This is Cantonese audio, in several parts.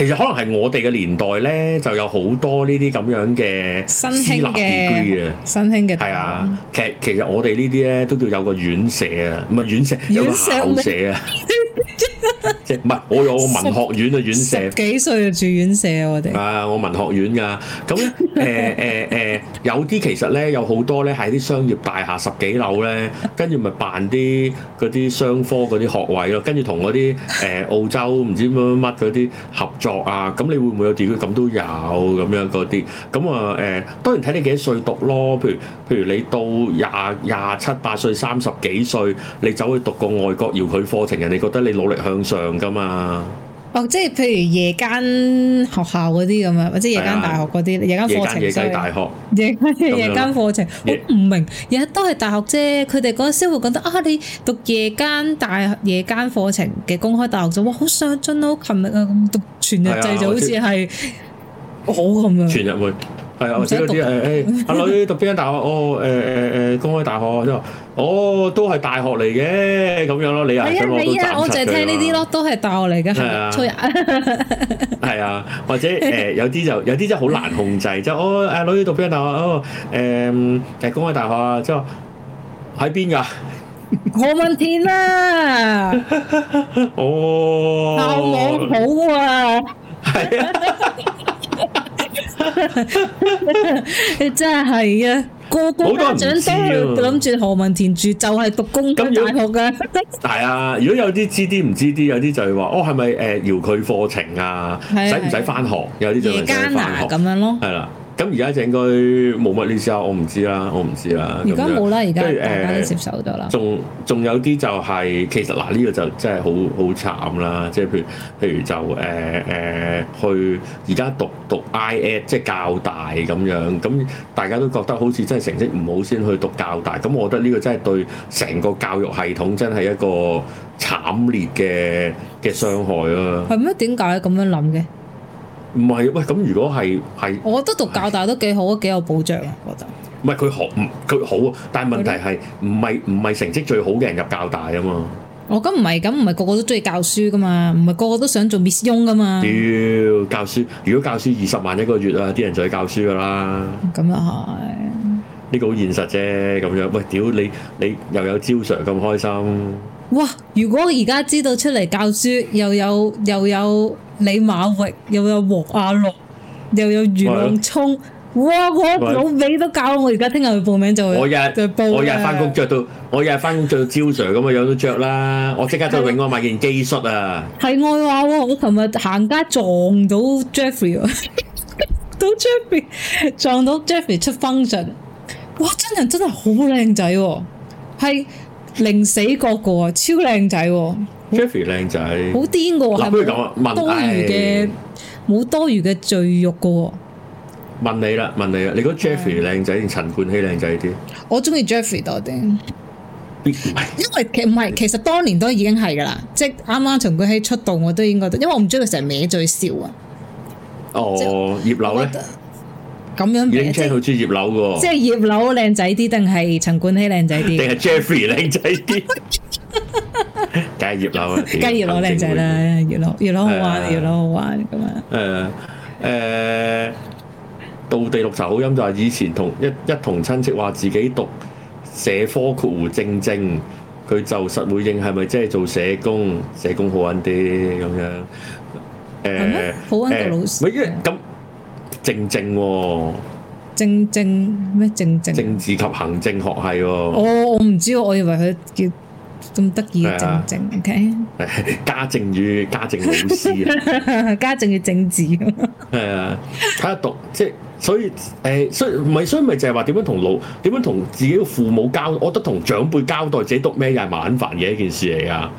其實可能係我哋嘅年代咧，就有好多呢啲咁樣嘅新興嘅新興嘅，係啊，其實其實我哋呢啲咧都叫有個院舍啊，唔係院舍，有個校舍啊。 唔係，我有個文學院嘅院舍，十幾歲就住院舍啊！我哋啊，我文學院㗎。咁咧，誒誒誒，有啲其實咧，有好多咧，喺啲商業大廈十幾樓咧，跟住咪辦啲嗰啲商科嗰啲學位咯。跟住同嗰啲誒澳洲唔知乜乜乜嗰啲合作啊。咁你會唔會有自己？咁都有咁樣嗰啲。咁啊誒，當然睇你幾多歲讀咯。譬如譬如你到廿廿七八歲、三十幾歲，你走去讀個外國遙距課程，人哋覺得你努力向上。噶嘛？哦，即係譬如夜間學校嗰啲咁啊，或者夜間大學嗰啲的夜間課程，夜間大學， 夜間課程，我唔 明，日日 都係大學啫。佢哋嗰陣時會覺得啊，你讀夜間大學夜間課程嘅公開大學就哇好上進啊，好勤力啊，咁讀全日制就好似係好咁啊，全日制。係，或者嗰啲誒誒，阿女讀邊間大學？哦，誒誒誒，公開大學啊，即係哦，都係大學嚟嘅咁樣咯。你啊、哎，我啊，贊係啊，我淨係聽呢啲咯，都係大學嚟嘅。係啊，係啊的， 或者誒、呃，有啲就，有啲真係好難控制，即係哦，阿女讀邊間大學？哦，誒、欸，其實公開大學問問啊，即係喺邊㗎？何文田啦。哦，校網好啊。係啊是的。 你 真係係啊，個個家長都要諗住何文田住，就係、是、讀公開、嗯、大學嘅。係 啊，如果有啲知啲唔知啲，有啲就係話哦，係咪誒遙距課程啊？使唔使返學？有啲就係想咁樣咯。係啦、啊。咁而家應該冇乜嘢事啊！我唔知啦，我唔知啦。而家冇啦，而家如、呃、大家都接受到啦。仲仲有啲就係、是、其實嗱呢個就真係好好慘啦，即係譬如譬如就誒誒、呃呃、去而家讀讀，讀 I A 即係教大咁樣，咁大家都覺得好似真係成績唔好先去讀教大，咁我覺得呢個真係對成個教育系統真係一個慘烈嘅嘅傷害啊！係咩？點解咁樣諗嘅？唔係，喂，咁如果係，係，我覺得讀教大都幾好，是幾有保障。我就唔係佢學，佢好啊，但係問題係唔係唔係成績最好嘅人入教大啊嘛？哦，咁唔係，咁唔係個個都中意教書噶嘛？唔係個個都想做 miss 噶嘛？屌教書，如果教書二十萬一個月啊，啲人就去教書噶啦。咁又係呢個好現實啫，咁樣喂，屌你你，你又有朝常咁開心！哇！如果而家知道出嚟教書，又有又有李馬榮，又有黃阿樂，又有袁亮聰，哇！我老味都教我而家聽日去報名就做，我日我日翻工着到，我日翻工着到朝 Sir 咁嘅樣都着啦，我即刻都去永安買件機恤啊！係外話喎，我琴日行街撞到 Jeffrey， 到 Jeffrey 撞到 Jeffrey 出 function，哇！真人真係好靚仔喎，係。零死個個啊，超靚仔，Jeffrey 靚仔，好癲個，不如咁啊，問下，冇多餘嘅罪欲個，問你啦，問你啊，你覺得 Jeffrey 靚仔定陳冠希靚仔啲？我中意 Jeffrey 多啲，因為其實唔係，其實當年都已經係噶啦，即係啱啱陳冠希出道，我都應該，因為我唔中意佢成日歪嘴笑啊。哦，葉劉咧。咁，好即係葉柳，即係葉柳靚仔啲，定係陳冠希靚仔啲，定係 Jeffrey 靚仔啲？梗係葉柳啦，梗係葉柳靚仔啦，葉柳葉柳好玩，葉柳好玩咁啊！誒誒，倒地綠茶好飲就係以前同一一同親戚話自己讀社科括弧正正，佢就實會認係咪真係做社工？社工好揾啲咁樣。誒，好揾個老師。咁。政政喎、啊，政政咩？政政？政政政治及行政學係喎、啊哦。我唔知我以為佢叫咁得意嘅政政。O K。家政與家政老師， 家政與政治。係 啊，睇下讀即係，所以誒、欸，所以唔係，所以咪就係話點樣同老，點樣同自己嘅父母交，我覺得同長輩交代自己讀咩又係蠻煩嘅一件事嚟噶。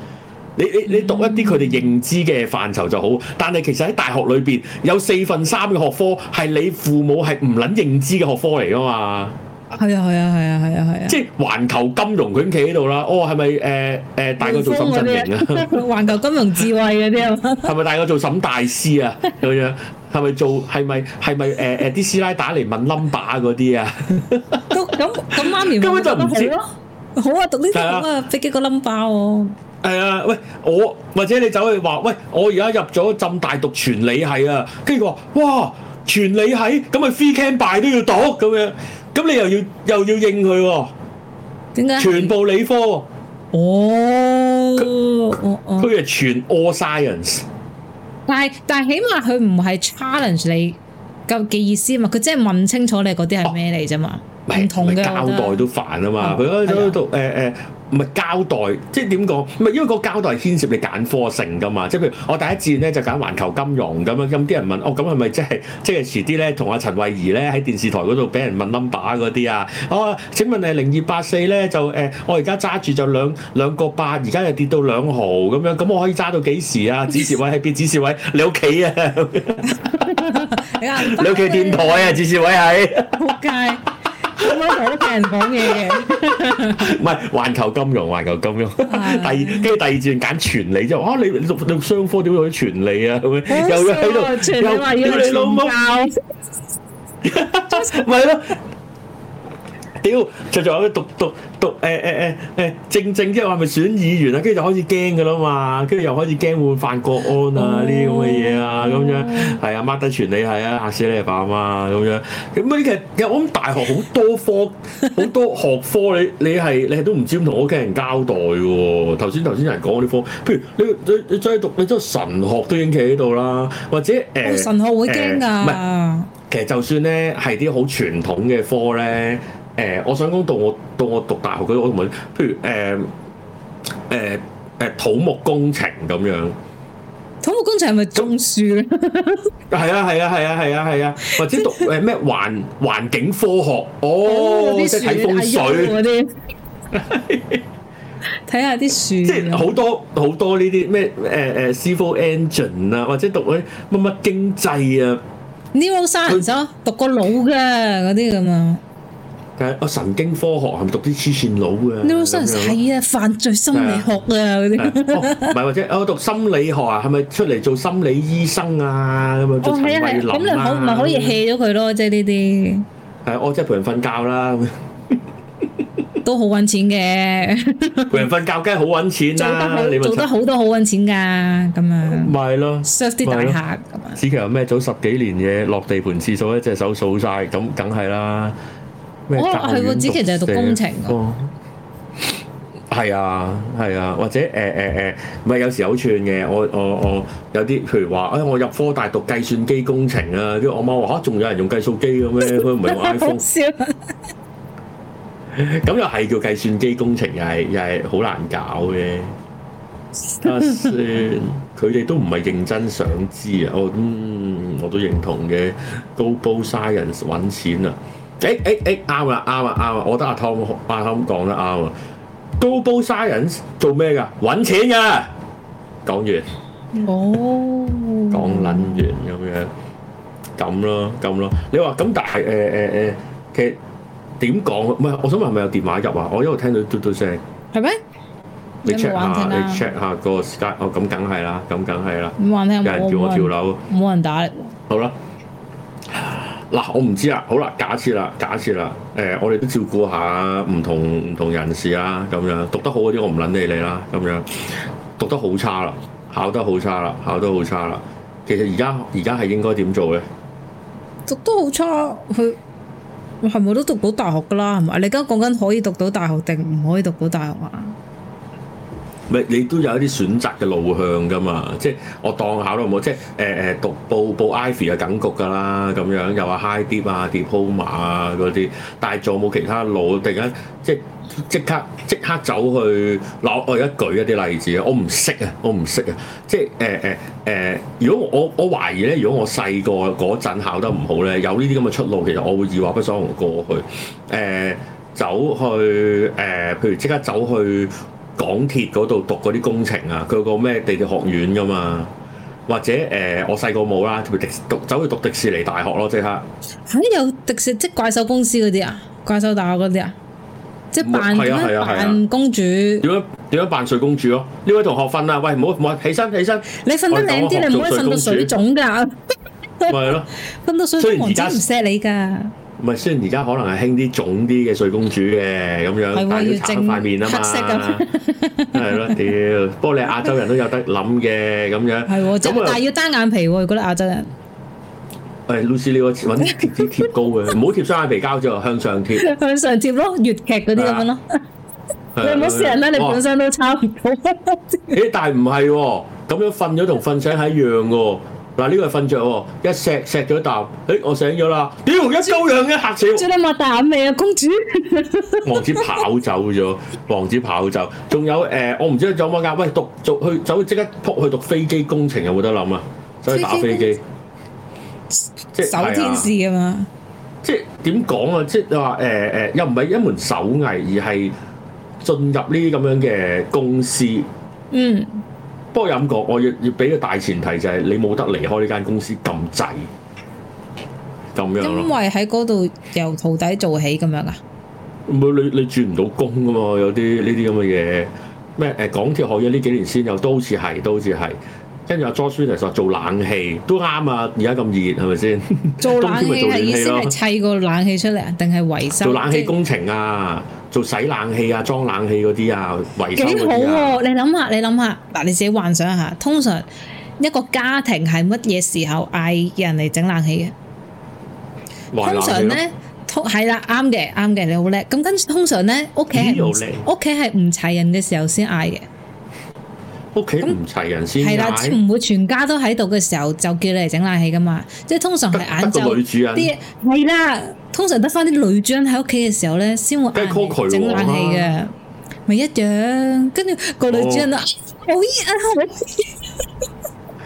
你你你讀一啲佢哋認知嘅範疇就好，但係其實喺大學裏邊有四分三嘅學科係你父母係唔撚認知嘅學科嚟噶嘛？係啊係啊係啊係啊係啊！啊啊啊啊即係環球金融佢企喺度啦。哦，係咪誒誒大個做審證員啊？環 球金融智慧嗰啲啊？係 咪大個做審大師啊？咁樣係咪做係咪係咪誒誒啲師奶打嚟問 number 嗰啲啊？都咁咁媽咪根本就唔理咯。好啊，讀呢啲啊，俾幾個 number 喎、啊。誒啊、 呃！喂，我或者你走去話，喂，我而家入咗浸大讀全理系啊，跟住佢話哇，全理系？咁咪 free camp 拜都要讀咁樣，咁你又要又要應佢喎？解？全部理科、啊。哦，哦哦，佢係全 all science。但係但係，起碼佢唔係 challenge 你咁嘅意思啊嘛，佢即係問清楚你嗰啲係咩嚟啫嘛，唔同嘅。交代都煩啊嘛，佢喺度讀誒唔係交代，即係點講？唔係因為個交代係牽涉你揀科性噶嘛。即係譬如我第一節咧就揀環球金融咁樣。咁啲人問哦，咁係咪即係即係遲啲咧同阿陳慧儀咧喺電視台嗰度俾人問 number 嗰啲啊？哦，請問你零二八四咧就誒、呃，我而家揸住就兩兩個八，而家又跌到兩毫咁樣。咁我可以揸到幾時啊？指示位喺邊？ 指示位你屋企啊？ 你屋企電台啊？指示位喺？仆街。咁我乜都聽人講嘢嘅，唔係環球金融，環球金融。 第二，跟住第二轉揀傳理之後，啊，你你讀讀商科點會傳理啊？咁樣 又喺度那 嘛又要你老母，咪咯。屌，再再有去讀讀讀，誒誒誒正正之後係咪選議員啊？跟住就開始驚噶啦嘛，跟住又開始驚換犯國安啊啲咁嘅嘢啊，咁樣係啊，抹得全你係啊，嚇死你爸阿媽咁樣。咁咩其實我諗大學好多科，好多學科，你你係你係都唔知點同屋企人交代喎。頭先頭先有人講嗰啲科，譬如你你你再讀你即係神學都應企喺度啦，或者誒神學會驚噶。唔係，其實就算咧係啲好傳統嘅科咧。誒，我想講到我到我讀大學嗰啲我唔會，譬如誒誒誒土木工程咁樣。土木工程係咪種樹咧？係啊係啊係啊係啊係啊，或者讀誒咩環環境科學哦，睇風水啲，睇下啲樹。即係好多好多呢啲咩誒誒 civil engineer 啊，或者讀誒乜乜經濟啊，neuroscience 讀個腦嘅嗰啲咁啊。我神經科學係咪讀啲黐線佬嘅？你有冇想睇啊？犯罪心理學啊？唔係或者我讀心理學啊？係咪出嚟做心理醫生啊？咁樣做慰勞啊？咁咪可咪可以 hea 咗佢咯？即係呢啲係我即係陪人瞓覺啦，都好揾錢嘅。陪人瞓覺梗係好揾錢啦，做得好，做得好多好揾錢㗎。咁樣咪係咯，sales 啲大客咁啊。子琪話咩？做十幾年嘢，落地盤次數一隻手數晒，咁梗係啦。哦，係喎教員 的，其實就係讀工程，係啊，係、哦、啊，啊，啊，或者誒誒誒，唔、呃、係、呃、有時有串嘅，我我我有啲，譬如話，哎，我入科大讀計算機工程啊，跟住我媽話，吓、啊，仲有人用計數機嘅咩？佢唔係用 iPhone，咁又係 叫計算機工程，又係又係好難搞嘅。先，佢哋 都唔係認真想知啊。我嗯，我都認同嘅，高煲 science 搵錢啊。誒誒誒，啱啦啱啦啱啦！我覺得阿湯阿湯講得啱啊。高波商人做咩㗎？揾錢㗎。講完。哦。講撚完咁樣，咁咯咁咯。你話咁，但係誒誒誒，其實點講？唔係，我想問係咪有電話入啊？我一路聽到嘟嘟聲。係咩？你 check 下，你 check 下個時間。哦，咁梗係啦，咁梗係啦。有人叫我跳樓。冇人打嚟。好啦。嗱、啊，我唔知啊。好啦，假設啦，假設啦。誒、欸，我哋都照顧下唔同唔同人士啊，咁樣讀得好嗰啲，我唔撚理你啦。咁樣讀得好差啦，考得好差啦，考得好差啦。其實而家而家係應該點做咧？讀得好差，佢係咪都讀到大學噶啦？係咪啊？你而家講緊可以讀到大學定唔可以讀到大學啊？你都有一啲選擇嘅路向㗎嘛，即係我當考得唔好，即係誒誒讀報報 Ivy 嘅緊局㗎啦，咁樣又話 High Dip 啊，Diploma 啊嗰啲，但係仲有冇其他路？突然間即即刻即刻走去嗱我而家舉一啲例子，我唔識啊，我唔識啊，即係誒誒誒，如果我我懷疑咧，如果我細個嗰陣考得唔好咧，嗯、有呢啲咁嘅出路，其實我會二話不講過去，誒、欸、走去誒、呃，譬如即刻走去。港鐵嗰度讀嗰啲工程啊，佢個咩地鐵學院㗎嘛？或者誒，我細個冇啦，讀走去讀迪士尼大學咯，即刻。嚇！有迪士尼即怪獸公司嗰啲啊，怪獸大學嗰啲啊，即扮係啊係啊係公主。點樣點樣扮睡公主咯？呢位同學瞓啊！喂，唔好唔好，起身起身！你瞓得靚啲，你唔好瞓到水腫㗎。咪係咯，瞓到水腫，雖然王子唔錫你㗎。咪係，雖然而家可能係興啲腫啲嘅睡公主嘅咁樣，要整塊面啊嘛，係咯，屌！不過你亞洲人都有得諗嘅咁樣，係喎，但係要單眼皮喎，覺得亞洲人。誒，老師你要揾啲貼高嘅，唔好貼雙眼皮膠就向上貼，向上貼咯，粵劇嗰啲咁樣咯。你唔好試人啦，你本身都差唔多。誒，但係唔係喎？咁樣瞓咗同瞓醒係一樣喎。嗱，呢個瞓着喎，一錫錫咗一啖，誒我醒咗啦！屌一休羊嘅嚇死！做到擘大眼未啊，公主？王子跑走咗，王子跑走。仲有誒、呃，我唔知仲有冇啱。喂，讀讀，讀去走即刻撲去讀飛機工程有冇得諗啊？走去打飛機，飛機即係手天使啊嘛！即係點講啊？即係話誒誒，又唔係一門手藝，而係進入呢啲咁樣嘅公司。嗯。不過飲覺，我要要俾個大前提就係、是、你冇得離開呢間公司咁滯，咁樣。因為喺嗰度由徒弟做起咁樣啊。冇你你轉唔到工㗎嘛，有啲呢啲咁嘅嘢。咩誒、呃、港鐵學嘢呢幾年先有，都好似係，都好似係。跟住阿舒尼，話做冷氣都啱啊！而家咁熱，係咪先？做冷氣嘅意思係砌個冷氣出嚟，定係維修？做冷氣工程啊，做洗冷氣啊，裝冷氣嗰啲啊，維修嗰啲啊。幾好喎！你諗下，你諗下嗱，你自己幻想下。通常一個家庭係乜嘢時候嗌人嚟整冷氣嘅？通常咧，通係啦，啱嘅，啱嘅，你好叻。咁跟住通常咧，屋企係屋企係唔齊人嘅時候先嗌嘅。屋企唔齊人先，係啦、嗯，唔會全，全家都喺度嘅時候就叫你嚟整冷氣㗎嘛。即係通常係晏晝啲，係啦，通常得翻啲女將喺屋企嘅時候咧，先會整冷氣嘅，咪一樣。跟住個女主人，女主人來來啊，好熱啊，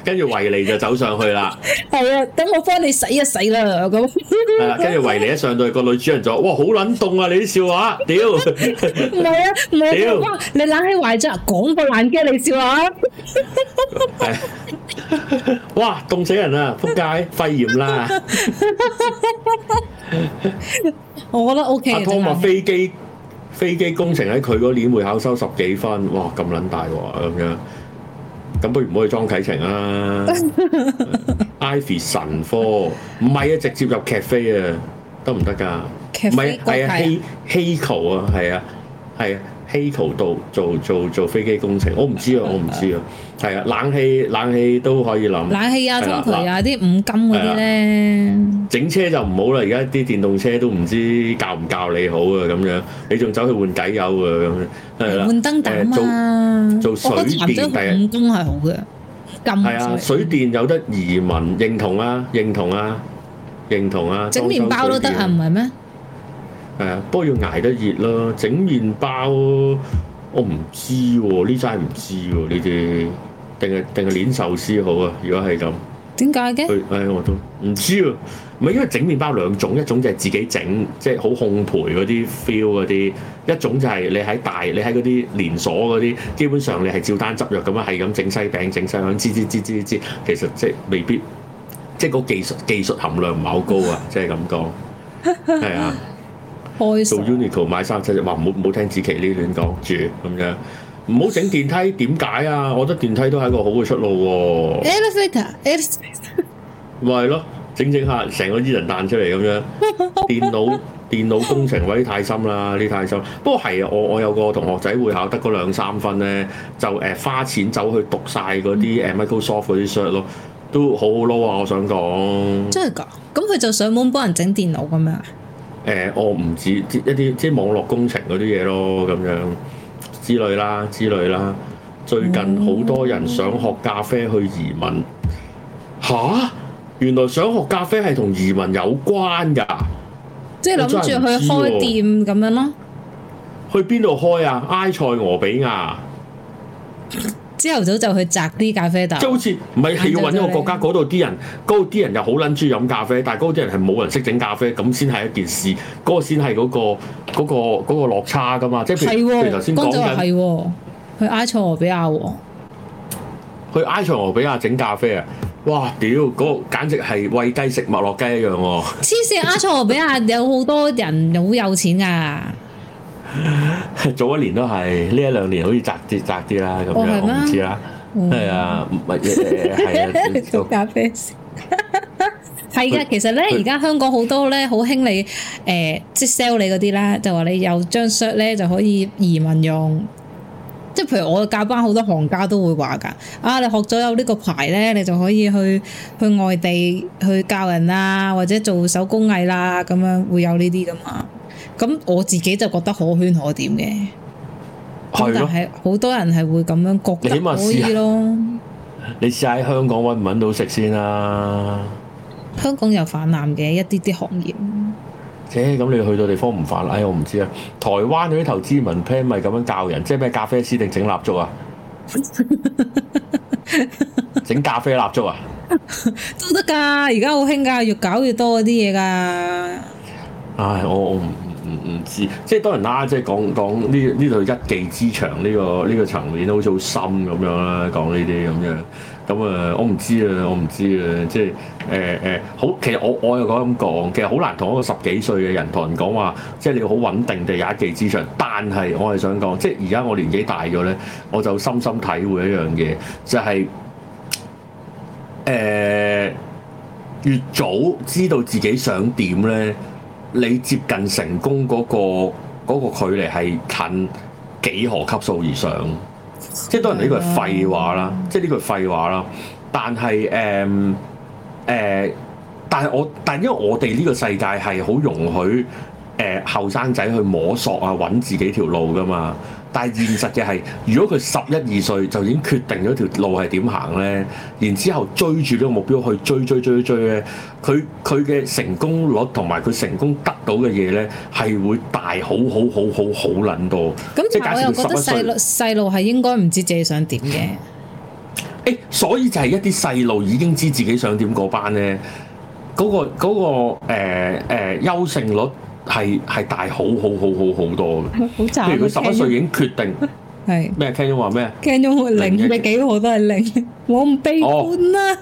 跟住維尼就走上去啦。係啊，等我幫你洗一洗啦。咁係啦，跟住維尼一上到去個女主人就：哇，好撚凍啊！你啲笑話，屌！唔係啊，唔係啊！哇，你冷氣壞咗啊！講個冷機嚟笑話。係。哇，凍死人啦！撲街，肺炎啦！我覺得 OK。阿 Tom 話飛機飛機工程喺佢嗰年會考收十幾分，哇，咁撚大喎咁樣。咁不如唔不好去莊啟程啦，啊。 Ivy 神科唔係啊，直接入劇飛啊，得唔得㗎？唔係係啊，HAE-HAECO 啊，係啊係啊，HAECO 度做做做飛機工程，我唔知啊，我唔知啊。 係啊，冷氣冷氣都可以諗。冷氣啊，空調的啊，啲的五金嗰啲咧。整車就唔好啦，而家啲電動車都唔知教唔教你好嘅咁樣，你仲走去換底油嘅咁。換燈膽啊！做做水電第五工係好嘅。係啊，是水電有得移民認同啊，認同啊，認同啊。整麵包都得啊，唔係咩？誒，不過要捱得熱咯。整麵包、啊、我唔知喎、啊，呢真係唔知喎呢啲。定係定係鏈壽司好啊！如果係咁，點解嘅？誒、哎，我都唔知啊。唔係因為整麵包兩種，一種就係自己整，即係好烘焙嗰啲 feel 嗰啲；一種就係你喺大，你喺嗰啲連鎖嗰啲，基本上你係照單執藥咁啊，係咁整西餅、整西咁。之之之之之，其實即係未必，即係個技術技術含量唔係好高啊，即係咁講，係啊。羞做 unique 買三七七，哇！唔好唔好聽子琪呢啲亂講住咁樣。唔好整電梯，點解啊？我覺得電梯都係一個好嘅出路喎、啊。Elevator, elevator，咪係咯，整整下成個伊人彈出嚟咁樣。 電腦電腦工程位太深啦，呢太深。不過係啊，我我有個同學仔會考得嗰兩三分咧，就誒花錢走去讀晒嗰啲誒 Microsoft 嗰啲書咯，都好好撈啊！我想講真係㗎，咁佢就上門幫人整電腦㗎咩？誒、欸，我唔止一啲即係網絡工程嗰啲嘢咯，咁樣。之類啦，之類啦。最近好多人想學咖啡去移民。嚇，原來想學咖啡係同移民有關㗎。即係諗住去開店咁樣咯。去邊度開啊？埃塞俄比亞。朝頭早就去摘啲咖啡豆，即係好似唔係係要搵一個國家，嗰度啲人，嗰度啲人又好撚中意飲咖啡，但係嗰啲人係冇人識整咖啡，咁先係一件事，嗰、嗰個先係嗰個嗰、嗰個嗰個、落差㗎嘛，即係譬如頭先講，係去埃塞俄比亞，去埃塞俄比亞整、啊、咖啡啊！哇屌，嗰、嗰個簡直係餵雞食麥樂雞一樣喎、啊！黐線，埃塞俄比亞有好多人又好有錢啊！ 早一年都係，呢一兩年好似窄啲窄啲啦咁樣，哦、我唔知啦。係啊、嗯，唔係誒，係啊，做咖啡師。係噶，其實咧，而家 香港好多咧，好興你誒，即、呃、sell 你嗰啲啦，就話你有張 shirt 咧，就可以移民用。即係譬如我教班好多行家都會話噶，啊，你學咗有呢個牌咧，你就可以去去外地去教人啦，或者做手工藝啦，咁樣會有呢啲噶嘛。咁我自己就覺得可圈可點嘅，咁、啊、但係好多人係會咁樣覺得、啊、可以咯。你試下喺香港搵唔搵到食先啦、啊。香港有泛濫嘅一啲啲行業。誒、欸，咁你去到地方唔泛濫，哎，我唔知啊。台灣嗰啲投資文 plan 咪咁樣教人，即係咩咖啡師定整蠟燭啊？整 咖啡蠟燭啊？ 都得㗎，而家好興㗎，越搞越多嗰啲嘢㗎。唉，我我唔。我唔唔知，即係當然啦，即係講講呢呢度一技之長呢個呢個層面都好似好深咁樣啦，講呢啲咁樣，咁啊我唔知啊，我唔知啊，即係誒誒，好其實我我又講咁講，其實好難同一個十幾歲嘅人同人講話，即係你好穩定地有一技之長，但係我係想講，即係而家我年紀大咗咧，我就深深體會一樣嘢，就係誒越早知道自己想點咧。你接近成功嗰個嗰個距離係近幾何級數以上，即係當然呢個係廢話啦，即係呢個係廢話啦。但係誒誒，但係我但係因為我哋呢個世界係好容許誒後生仔去摸索啊，揾自己條路噶嘛。但係現實嘅係，如果佢十一二歲就已經決定咗條路係點行呢？然之後追住呢個目標去追追追追咧，佢佢嘅成功率同埋佢成功得到嘅嘢呢，係會大好好好好好撚多。咁但係我又覺得細路細路係應該唔知自己想點嘅、欸。所以就係一啲細路已經知自己想點個班呢，嗰、嗰個嗰、嗰個誒誒、呃呃、優勝率。係係大好好好好好多嘅，譬如佢十一歲已經決定係咩？聽咗話咩？聽咗零咪幾號都係零，我唔悲觀啦。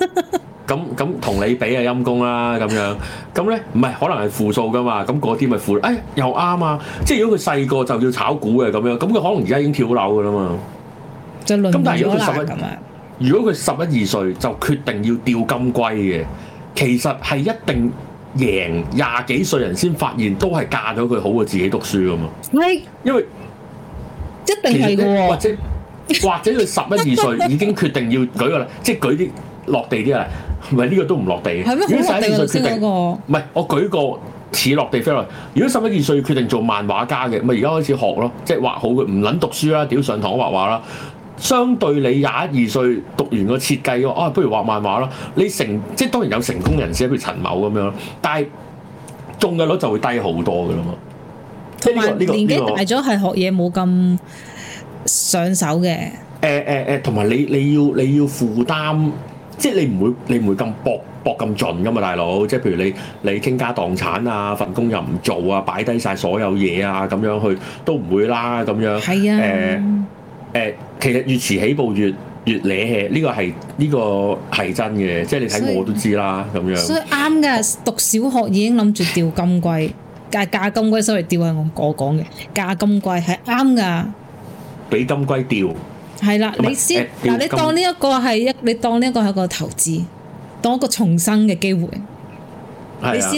咁咁同你比係陰公啦，咁樣咁咧唔係可能係負數噶嘛？咁嗰啲咪負？哎又啱啊！即係如果佢細個就要炒股嘅咁樣，咁佢可能而家已經跳樓噶啦嘛。咁但係如果佢十一，如果佢十一二歲就決定要釣金龜嘅，其實係一定。贏廿幾歲人先發現都係嫁咗佢好過自己讀書咁啊！唔係，因為一定係嘅喎，或者 或者佢十一二歲已經決定要舉個啦， 即係舉啲落地啲啊！唔、這、呢個都唔落地嘅。嗎如果十一二歲決定，唔係 我舉個似落地 feel 如果十一二歲決定做漫畫家嘅，咪而家開始學咯，即係畫好佢唔撚讀書啦，屌上堂畫畫啦。相對你廿一二歲讀完個設計喎，啊，不如畫漫畫咯。你成即係當然有成功人士，譬如陳某咁樣咯，但係中嘅率就會低好多㗎啦嘛。同埋年紀大咗係學嘢冇咁上手嘅。誒誒誒，同埋你你要你要負擔，即係你唔會你唔會咁搏搏咁盡㗎嘛，大佬。即係譬如你你傾家蕩產啊，份工又唔做啊，擺低晒所有嘢啊，咁樣去都唔會啦咁樣。係啊，誒。誒，其實越遲起步越越攣氣，呢個係呢個係真嘅，即係你睇我都知啦咁樣。所以啱㗎，讀小學已經諗住釣金龜，嫁嫁金龜所謂釣係我我講嘅，嫁金龜係啱㗎，俾金龜釣。係啦，你先嗱，你當呢一個係一，你當呢一個係一個投資，當一個重生嘅機會。係啊，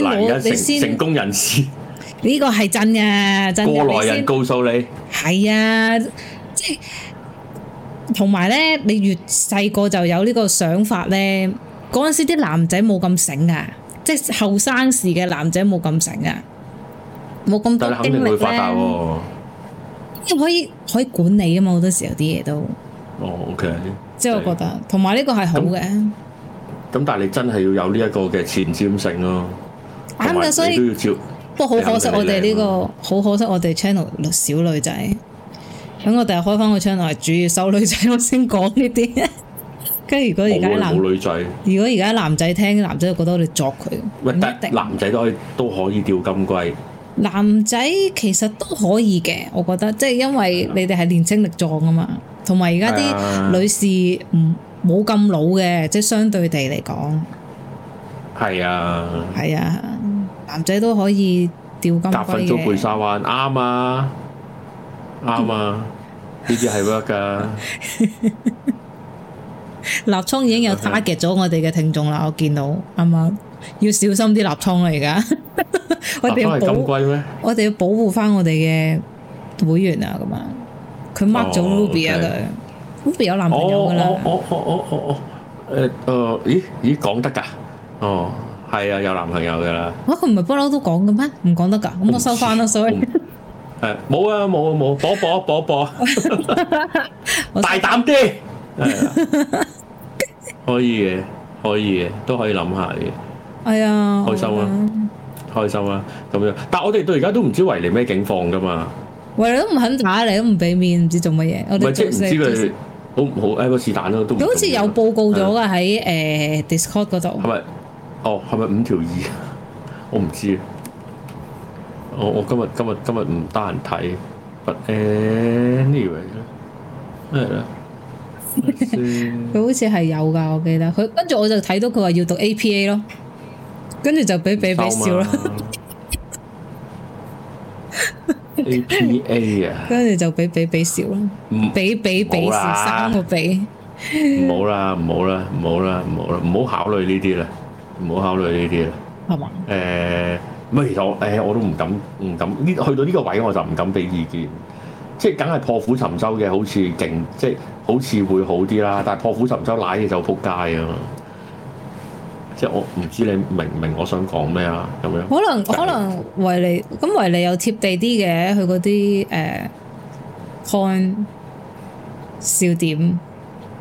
成功人士呢個係真嘅，過來人告訴你係啊。同埋咧，你越細個就有呢個想法咧。嗰陣時啲男仔冇咁醒啊，即係後生時嘅男仔冇咁醒啊，冇咁多精力咧。又、哦、可以可以管理啊嘛，好多時候啲嘢都。哦，OK 即係。即係我覺得，同埋呢個係好嘅。咁但係你真係要有呢一個嘅前瞻性咯、啊。咁啊、嗯，所以要照不過好可惜我，這個，我哋呢個好可惜我，這個，可惜我哋 channel 小女仔。等我第日開翻個窗台，主要收女仔，我先講呢啲。跟住如果而家男仔，如果而家男仔聽，男仔就覺得我哋作佢。唔一定，男仔都可以都可以釣金龜。男仔其實都可以嘅，我覺得，即係因為你哋係年輕力壯啊嘛，同埋而家啲女士唔冇咁老嘅，即係相對地嚟講。係啊，係啊，男仔都可以釣金龜嘅。搭份租貝沙灣啱啊，啱啊。呢啲係 work 噶，立倉 已經有 target 咗我哋嘅聽眾啦。Okay. 我見到啱啱，要小心啲立倉啦而家。 我哋要保，我哋係咁貴咩，我哋要保護翻我哋嘅會員啊。咁啊，佢 mark 咗 Ruby 啊佢，Ruby 有男朋友噶啦。我我我我我誒，咦咦，講得噶哦，係、哦、啊、哦呃哦， 有男朋友噶啦。哇、啊，佢唔係不嬲都講嘅咩？唔講得噶，咁、啊、我收翻啦，sorry。 冇啊，冇啊，冇， 火火，火火，大膽啲，係啊，可以嘅，可以嘅，都可以諗下嘅，係啊、哎呀，開心啊，開心啊，咁樣、啊啊，但係我哋到而家都唔知維尼咩境況噶嘛，維尼都唔肯打嚟，都唔俾面，唔知不做乜嘢，我哋，即係唔知佢哋好唔好誒，不，做事 都不好，是但咯，都佢好似有報告咗㗎喺誒 Discord 嗰度，係咪？哦，係咪五條二？我唔知。 我我今日今日今日唔得閒睇，but anyway 咧咩咧？佢好似係有噶，我記得佢，跟住我就睇到佢話要讀 APA 咯，跟住就俾俾俾笑啦。APA 啊！跟住就俾俾俾笑啦，唔俾俾俾笑三個俾。冇啦冇啦冇啦冇啦，唔好考慮呢啲啦，唔好考慮呢啲啦。係嘛？誒。咪其實誒，我都唔敢唔敢呢去到呢個位，我就唔敢俾意見。即係梗係破釜沉舟嘅，好似勁，即係好似會好啲啦。但係破釜沉舟，奶嘢就撲街啊！即係我唔知你明唔明我想講咩啊？咁樣可能是可能維尼咁維尼又貼地啲嘅，佢嗰啲誒 point 笑點。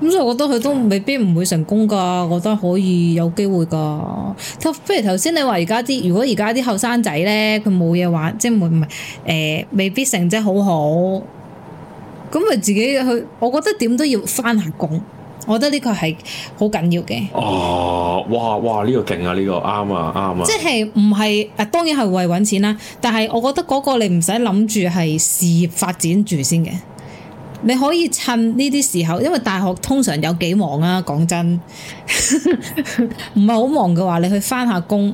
咁所以，我覺得佢都未必唔會成功㗎，我覺得可以有機會㗎。頭，不如頭先你話而家啲，如果而家啲後生仔咧，佢冇嘢玩，即係唔係誒？未必成績好好，咁咪自己去。我覺得點都要返下工。我覺得呢個係好緊要嘅。哦，哇哇，呢度勁啊！呢個啱啊，啱啊！即係唔係？誒，當然係為揾錢啦。但係我覺得嗰個你唔使諗住係事業發展住先嘅。你可以趁呢啲時候，因為大學通常有幾忙啊。講真，唔係好忙嘅話，你去翻下工，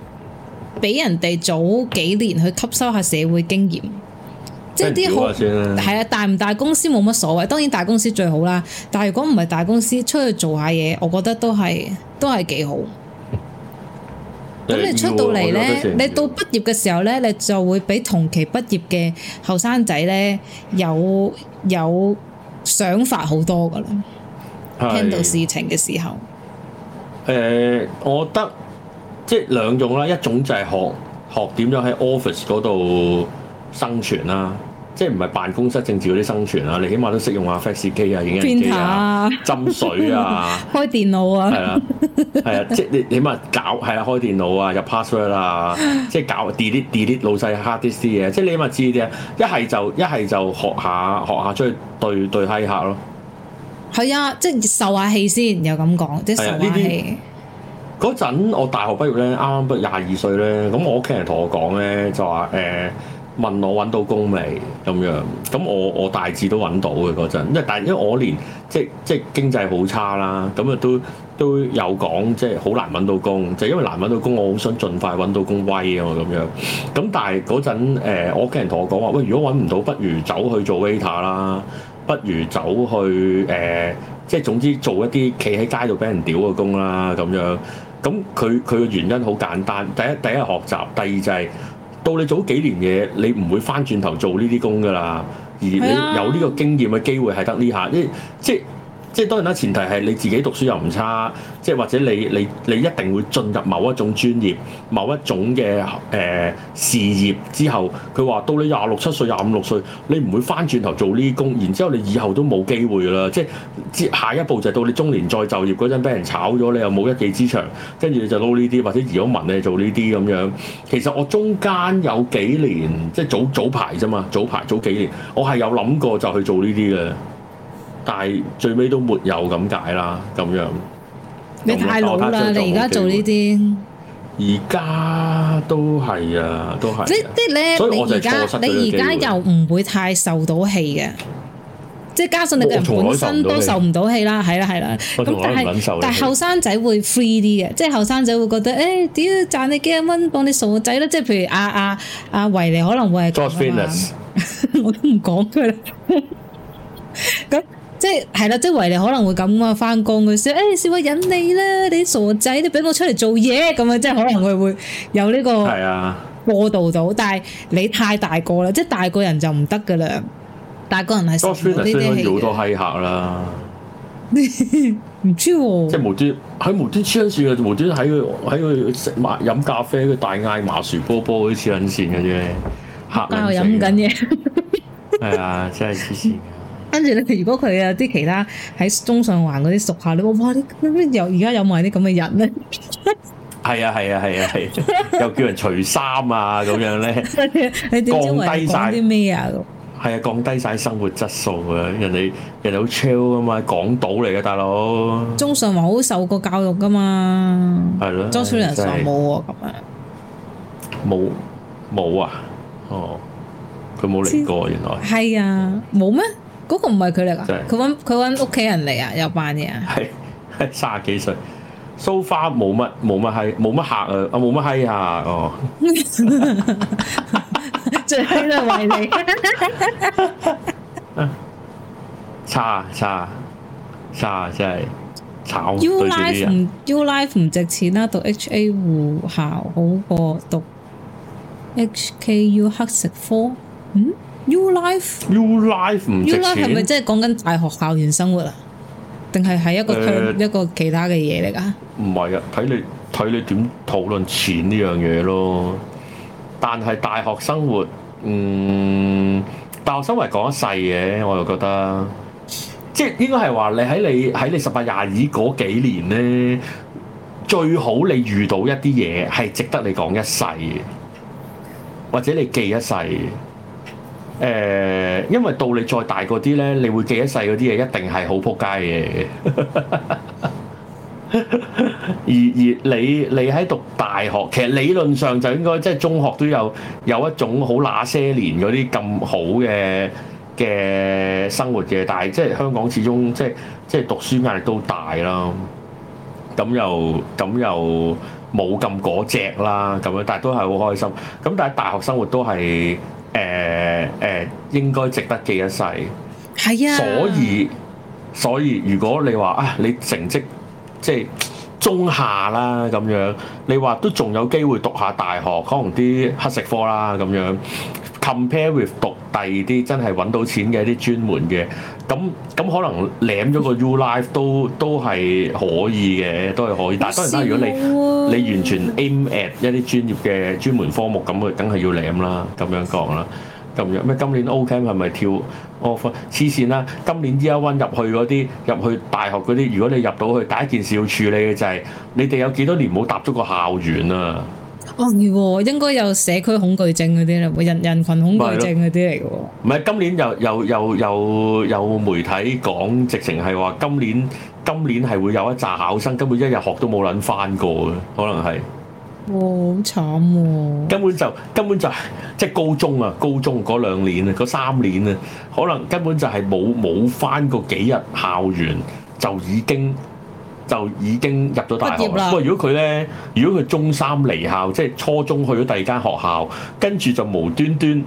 俾人哋早幾年去吸收下社會經驗。即係啲好，係啊，大唔大公司冇乜所謂。當然大公司最好啦，但係如果唔係大公司，出去做下嘢，我覺得都係都係幾好。咁你出到嚟呢，你到畢業嘅時候呢，你就會比同期畢業嘅後生仔呢有有。想法好多㗎喇，聽到事情嘅時候，誒、呃，我覺得即係兩種啦，一種就係學學點樣喺 office 嗰度生存啦、啊。即係唔係辦公室政治嗰啲生存啊？你起碼都識用下 fax 機啊、影印機啊、斟水啊、開電腦啊，係啦，係啊，即係你起碼搞係啊，開電腦啊，入 password 啊，即係搞 delete delete 老細 hard disk 啲嘢，即係你起碼知啲啊。一係就一係就學下學下出去對對閪客咯。係啊， 即係受下氣先，又咁講，即係受呢啲、哎。嗰陣我大學畢業咧，啱啱畢廿二歲咧，咁我屋企人同我講咧，就話誒。欸問我揾到工未？咁樣咁我我大致都揾到嘅嗰陣，因為但因為我連即即經濟好差啦，咁啊都都有講即好難揾到工，就係、因為難揾到工，我好想盡快揾到工威啊咁樣。咁但係嗰陣誒我屋企人同我講話喂，如果揾唔到，不如走去做 waiter 啦，不如走去誒、呃，即總之做一啲企喺街度俾人屌嘅工啦咁樣。咁佢佢嘅原因好簡單，第一第一，第一學習，第二就係、係。到你做幾年嘢，你唔會返轉頭做呢啲工㗎啦。而你有呢個經驗嘅機會係得呢下，呢即係。即係當然啦，前提係你自己讀書又唔差，即係或者你你你一定會進入某一種專業、某一種嘅誒、呃、事業之後，佢話到你廿六七歲、廿五六歲，你唔會翻轉頭做呢啲工，然之後你以後都冇機會啦。即係接下一步就到你中年再就業嗰陣俾人炒咗，你又冇一技之長，跟住你就撈呢啲或者移咗民你做呢啲咁樣。其實我中間有幾年即係早早排啫嘛，早排，早，排早幾年，我係有諗過就去做呢啲嘅。但係最尾都沒有咁解啦，咁樣你太老啦，你而家做呢啲，而家都係啊，都係、啊。即即咧，所以我你而家你而家又唔會太受到氣嘅，即加上你個人本身都受唔到氣啦，係啦係啦。咁但係但後生仔會 free 啲嘅，即後生仔會覺得誒屌、欸、賺你幾多蚊幫你湊仔啦，即譬如阿阿阿維尼可能會係。Fitness 我都唔講佢啦。咁。 即係啦，即係維尼可能會咁啊，翻工佢笑，誒，小下忍你啦，你傻仔，你俾我出嚟做嘢咁啊，即係可能佢會有呢個過渡到，但係你太大個啦，即係大個人就唔得噶啦，大個人係。多 Twitter 好多閪客啦，唔知喎。即係無端喺無端黐緊線，無端喺佢喺佢食買飲咖啡佢大嗌麻薯波波嗰啲黐緊嘅啫。啲客。喺度飲緊嘢。係啊，真係黐線。跟住咧，如果佢啊啲其他喺中上環嗰啲熟客咧，你話哇！又而家有埋啲咁嘅人咧，係啊，係啊，係啊，係又叫人除衫啊，咁樣咧，你降低晒啲咩啊？係啊，降低晒生活質素啊！人哋人哋好 chill 噶嘛，港島嚟嘅大佬，中上環好受過教育噶嘛，係咯，裝修人士冇啊，咁啊冇冇啊？哦，佢冇嚟過，原來係啊，冇咩？嗰個唔係佢嚟㗎，佢搵佢屋企人嚟啊，又扮嘢，係卅幾歲，so far，冇乜冇乜閪，冇乜客啊，啊冇乜閪客哦，最閪就為你， 差差差真係，就是，炒 U You Life 唔 U Life 唔值錢啦，啊，讀 HA 護校好過讀 HKU 黑色科，嗯？U life，U life 唔值錢。係咪真係講緊大學校園生活啊？定係喺一個、呃、一個其他嘅嘢嚟噶？唔係啊，睇你睇你點討論錢呢樣嘢咯。但係大學生活，嗯，大學生活講一世嘅，我又覺得，即係應該係話你喺你喺你十八廿二嗰幾年咧，最好你遇到一啲嘢係值得你講一世，或者你記一世。誒，因為到你再大嗰啲咧，你會記一世嗰啲嘢，一定係好撲街嘅。而而你你喺讀大學，其實理論上就應該即係中學都有有一種好那些年嗰啲咁好嘅嘅生活嘅，但係即係香港始終即係即係讀書壓力都大啦。咁又咁又冇咁嗰隻啦，咁樣，但係都係好開心。咁但係大學生活都係。誒誒、呃呃、應該值得記一世，係啊呀，所以所以如果你話啊，你成績即係中下啦咁樣，你話都仲有機會讀下大學，可能啲乞食科啦咁樣。compare with 讀第二啲真係揾到錢嘅一啲專門嘅，咁咁可能攬咗個 U Life 都都係可以嘅，都係可以。但係當然啦，如果你、啊、你完全 aim at 一啲專業嘅專門科目咁，佢梗係要攬啦。咁樣講啦，咁樣咩？今年 O Camp 係咪跳？黐線啦！今年 Year One 入去嗰啲入去大學嗰啲，如果你入到去，第一件事要處理嘅就係、是、你哋有幾多年冇踏足個校園啊？哦，應該有社區恐懼症嗰啲啦，人人群恐懼症嗰啲嚟嘅喎。唔係今年又又又又有媒體講，直情係話今年今年係會有一紮考生根本一日學都冇撚返過嘅，可能係。哇，好慘喎！根本就根本就係即係高中啊，高中嗰兩年啊，嗰三年啊，可能根本就係冇冇返過幾日校園，就已經。就已經入咗大學。喂，如果佢咧，如果佢中三離校，即係初中去咗第二間學校，跟住就無端端、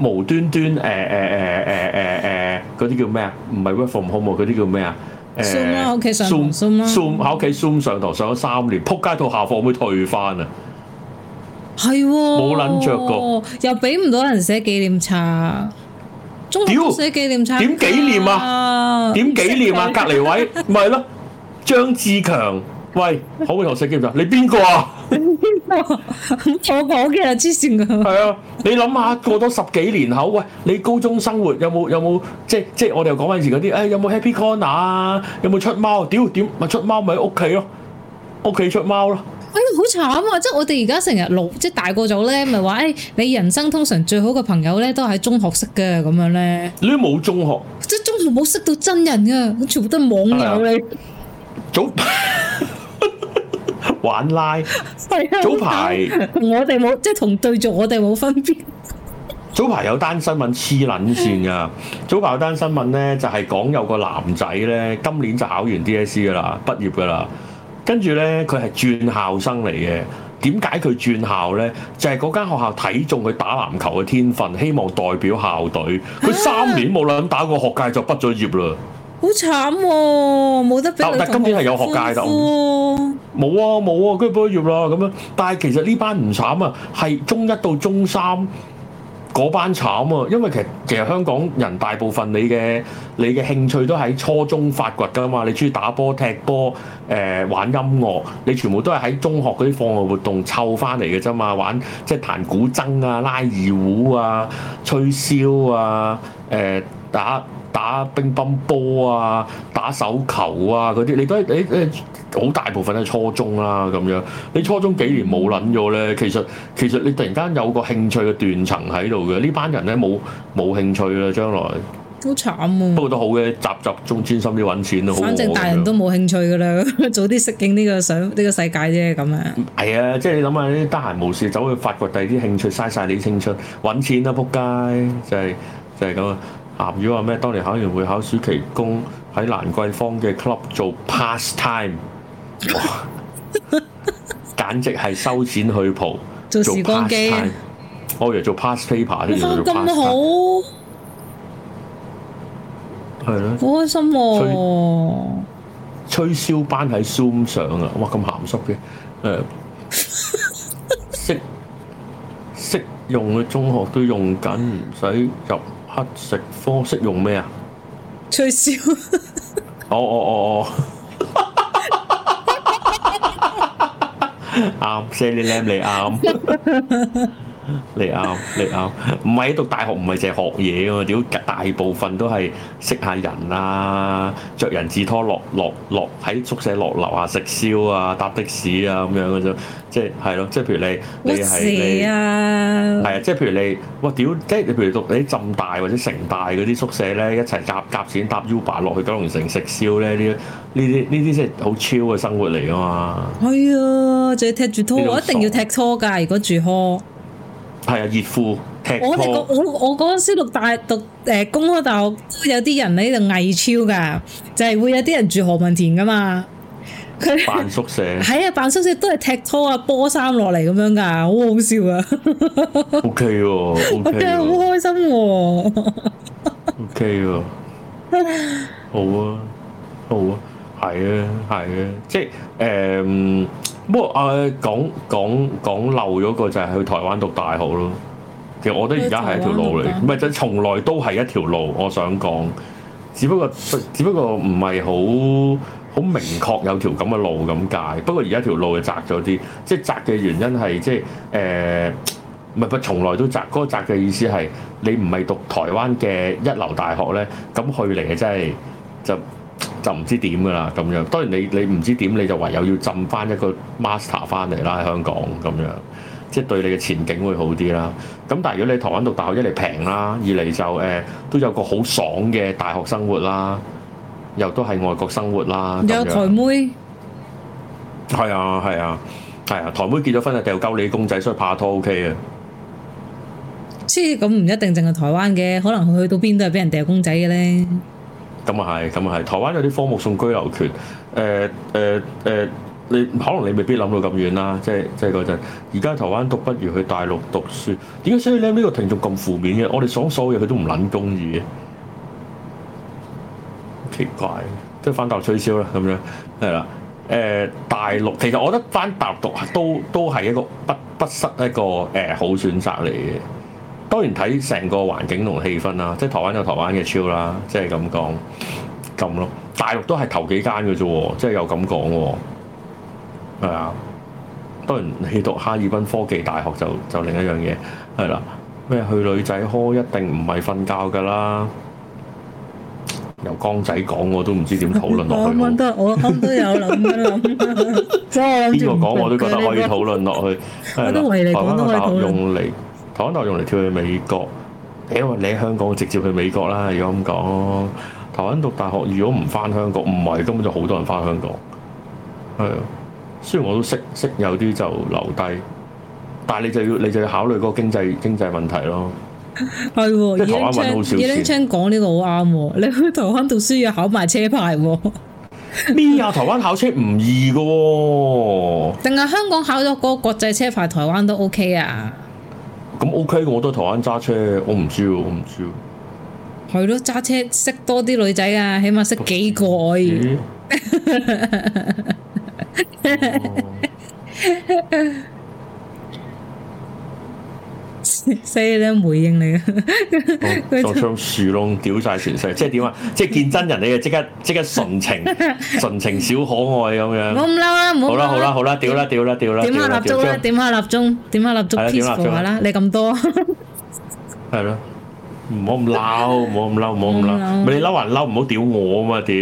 無端端誒誒誒誒誒誒嗰啲叫咩啊？唔係 work from home 嗰啲叫咩啊？Zoom 喺屋企上 ZoomZoom 啦，屋企 Zoom 上堂上咗三年，撲街到下課都退翻啊！係冇撚着過，又俾唔到人寫紀念冊。中學唔寫紀念冊，點紀念啊？點紀念啊？隔離位咪係咯？張志強，喂，可唔可以投手機入？If 你邊個啊？邊個？我講嘅啊，黐線嘅。係啊，你諗下過多十幾年後，喂，你高中生活有冇有冇即即我哋又講翻以前嗰啲，誒有冇 Happy Corner 啊？有冇出貓？屌點咪出貓咪屋企咯？屋企出貓咯。哎呀，好慘啊！即係我哋而家成日老，即係大個咗咧，咪話誒，你人生通常最好嘅朋友咧，都係喺中學識嘅咁樣咧。你都冇中學，即係中學冇識到真人啊，全部都係網友嚟。早玩拉，早排我哋冇，即係同對住我哋冇分別。 早排有單新聞黐撚線噶，早排有單新聞咧，就係、是、講有個男仔咧，今年就考完 DSE 噶啦，畢業噶啦，跟住咧佢係轉校生嚟嘅。點解佢轉校咧？就係嗰間學校睇中佢打籃球嘅天分，希望代表校隊。佢三年冇諗打過學界就畢咗業啦。啊好慘喎、哦，冇得俾。但係今年係有學界㗎？冇啊冇啊，跟住、啊、畢業啦咁樣。但係其實呢班唔慘啊，係中一到中三嗰班慘啊，因為其實其實香港人大部分你嘅你嘅興趣都喺初中發掘㗎嘛，你中意打波、踢波、誒、呃、玩音樂，你全部都係喺中學嗰啲課外活動湊翻嚟嘅啫嘛，玩即係彈古箏啊、拉二胡啊、吹簫啊、誒、呃、打。打乒乓波啊，打手球啊嗰啲，你都係誒誒，好大部分都係初中啦、啊、咁樣。你初中幾年冇撚咗咧，其實其實你突然間有個興趣嘅斷層喺度嘅，呢班人咧冇冇興趣啦，將來。好慘喎！不過都好嘅，集集仲專心啲揾錢都好。反正大人都冇興趣噶啦，樣 早啲適應呢、這個想呢、這個世界啫咁樣。係啊，即係你諗下你得閒無事走去發掘第二啲興趣，嘥晒你青春，揾錢啦撲街，就係、是、就係咁啊！就是鯊魚話咩？當年考完會考暑期工喺蘭桂坊嘅 club 做 pastime， 簡直係收錢去蒲做時光機。我以為做 past paper 添，做 past 好，係咯呢。好開心喎、啊！吹簫班喺 Zoom 上啊！哇，咁鹹濕嘅誒，識、uh, 識 用嘅中學都用緊，唔使、嗯、入。食方式用咩啊？吹簫。 哦哦哦哦。啱 say 你 name 你啱。你啱，你啱，唔係讀大學唔係淨係學嘢嘛。屌大部分都係識下人啊，着人字拖落落落喺宿舍落樓下食宵啊，搭的士啊咁樣嘅啫，即係係咯，即係譬如你，你係啊，係啊，即係譬如你，哇屌！即係你譬如讀你浸大或者城大嗰啲宿舍咧，一齊夾夾錢搭 Uber 落去九龍城食宵咧，呢呢啲呢啲先係好超嘅生活嚟噶嘛！係啊，仲要踢住拖，一定要踢拖噶，如果住殼。係啊，熱褲踢拖。我哋個我我嗰陣時讀大讀誒、呃、公開大學都有啲人喺度偽超噶，就係、是、會有啲人住何文田噶嘛。佢扮宿舍。係啊， 扮宿舍都係踢拖啊，波衫落嚟咁樣噶，好好笑啊。O K 喎，我覺得好開心喎。O K 喎，好啊，好啊，係啊，係啊，即係誒。嗯不過誒講講講漏咗個就係去台灣讀大學咯，其實我覺得而家係一條路嚟，唔係即係從來都係一條路。我想講，只不過只不過唔係好好明確有條咁嘅路咁解。不過而家條路就窄咗啲，即係窄嘅原因係即係誒，唔、呃、係不從來都窄。嗰、那個、窄嘅意思係你唔係讀台灣嘅一流大學咧，咁去嚟嘅真係就。就唔知點㗎啦，咁樣當然你你唔知點，你就唯有要浸翻一個 master 翻嚟啦，喺香港咁樣，即係對你嘅前景會好啲啦。咁但係如果你台灣讀大學，一嚟平啦，二嚟就誒、呃、都有個好爽嘅大學生活啦，又都係外國生活啦。有台妹。係啊係啊係啊！台妹結咗婚就掉鳩你公仔，所以拍拖 OK 嘅。黐線，咁唔一定淨係台灣嘅，可能去去到邊都係俾人掉公仔嘅咧。咁啊係，咁啊係。台灣有啲科目送居留權，誒誒誒，你可能你未必諗到咁遠啦。即係即係嗰陣，而家台灣讀不如去大陸讀書。點解所以咧呢個聽眾咁負面嘅？我哋所所有嘢佢都唔撚中意嘅，奇怪。即係返大陸吹簫啦，咁樣係啦。誒、呃，大陸其實我覺得返大陸讀都都係一個不不失一個誒、呃、好選擇嚟嘅。當然睇成個環境同氣氛啦，即係台灣有台灣嘅超啦，即係咁講咁咯。大陸都係頭幾間嘅啫，即係又咁講，係啊。當然去讀哈爾濱科技大學就就另一樣嘢係啦。咩去女仔科一定唔係瞓覺㗎啦？由江仔講我都唔知點討論落去。我都我，我， 我都有諗一諗，即係邊個講我都覺得可以討論落去。我都圍你講都可用嚟台灣度用嚟跳去美國，因為你喺香港直接去美國啦。如果咁講，台灣讀大學如果唔翻香港，唔係根本就好多人翻香港。係，雖然我都識識有啲就留低，但係你就要你就要考慮嗰個經濟經濟問題咯。係的，即係台灣搵好少錢。講呢個好啱，你去台灣讀書要考埋車牌。咩 啊？台灣考車唔易噶，哦，定係香港考咗嗰個國際車牌，台灣都 OK 啊？咁 OK，我都喺台灣揸車，我唔知喎，我唔知喎。係咯，揸車識多啲女仔啊，起碼識幾個可以。所以咧回應你，撞槍樹窿，屌晒全世，即係點啊！即係見真人，你啊即刻即刻純情純情小可愛咁樣。唔好咁嬲啦，好啦好啦好啦，屌啦屌啦屌啦，點下蠟燭啦，點下蠟燭，點下蠟燭 peace 同我啦，你咁多係咯，唔好咁嬲，唔好咁嬲，唔好咁嬲，咪你嬲還嬲，唔好屌我啊嘛屌，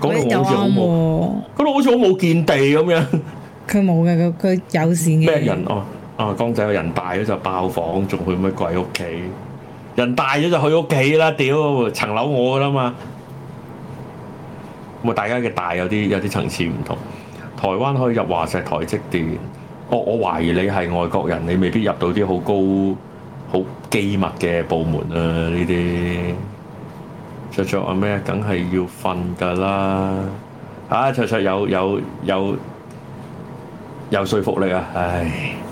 講到好似好冇，講到好似好冇見地咁樣。佢冇嘅，佢佢友善嘅咩人哦。啊，江仔，我人大咗就爆房，仲去咩鬼屋企？人大咗就去屋企啦，屌，層樓我噶啦嘛。咪大家嘅大有啲有啲層次唔同。台灣可以入華碩台積電。我、哦、我懷疑你係外國人，你未必入到啲好高好機密嘅部門啊。呢啲卓卓啊咩，梗係要瞓噶啦。啊，卓卓有有有有說服力啊，唉～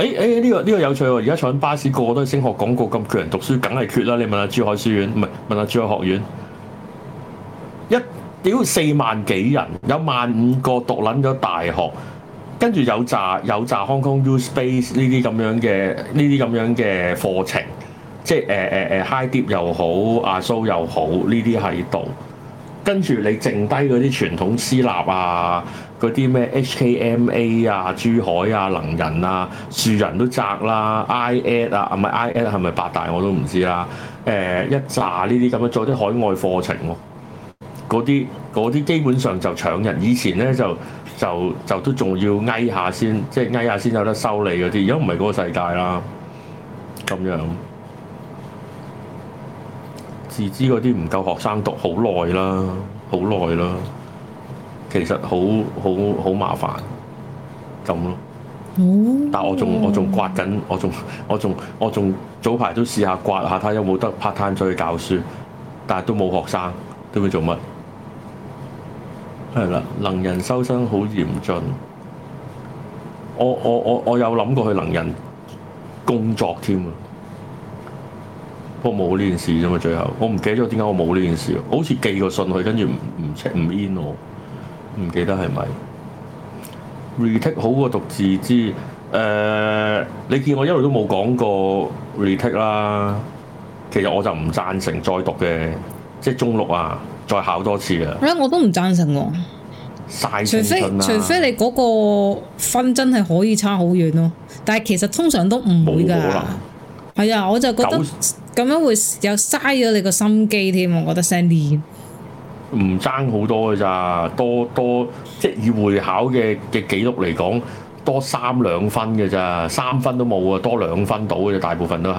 誒誒，呢、哎這個呢、這個有趣喎，哦！而家坐緊巴士，個個、個都係升學廣告咁，缺人讀書梗係缺啦！你問下珠海書院，唔係問下珠海學院，一屌四萬幾人，有萬五個讀撚咗大學，跟住有紮有紮 Hong Kong U Space 呢啲咁樣嘅呢啲咁樣嘅課程，即係誒誒誒 High Dip 又好，Asso 又好，呢啲喺度，跟住你剩低嗰啲傳統私立啊。嗰啲咩 HKMA 啊、HK MA, 珠海啊、能人啊、樹人都紮啦、IA 啊，係咪 IA 係咪八大我都唔知啦。誒、like mm.，一紮呢啲咁樣，做啲海外課程喎，嗰啲啲基本上就搶人。以前咧就就就都仲要壓下先，即係壓下先有得收你嗰啲，而家唔係嗰個世界啦。咁樣自資嗰啲唔夠學生讀，好耐啦，好耐啦。其實好好好麻煩咁咯，但係我仲我仲刮緊，我仲我仲我仲早排都試下刮下睇有冇得 part time 出去教書，但係都冇學生，都唔知做乜。係啦，能人收生好嚴峻。我我我我有諗過去能人工作添啊，不過冇呢件事啫嘛。最後我唔記得咗點解我冇呢件事，好似寄個信去跟住，唔唔唔 in 我。唔記得係咪？retake 好過讀自資？誒、呃，你見我一路都冇講過 retake 啦。其實我就唔贊成再讀嘅，即係中六啊，再考多次啊。我都唔贊成喎。除非除非你嗰個分真係可以差好遠咯，啊，但係其實通常都唔會㗎。係啊，我就覺得咁樣會有嘥咗你個心機添，我覺得成年。唔爭好多嘅咋，多多即係以會考嘅嘅記錄嚟講，多三兩分嘅咋，三分都冇啊，多兩分到嘅啫，大部分都係。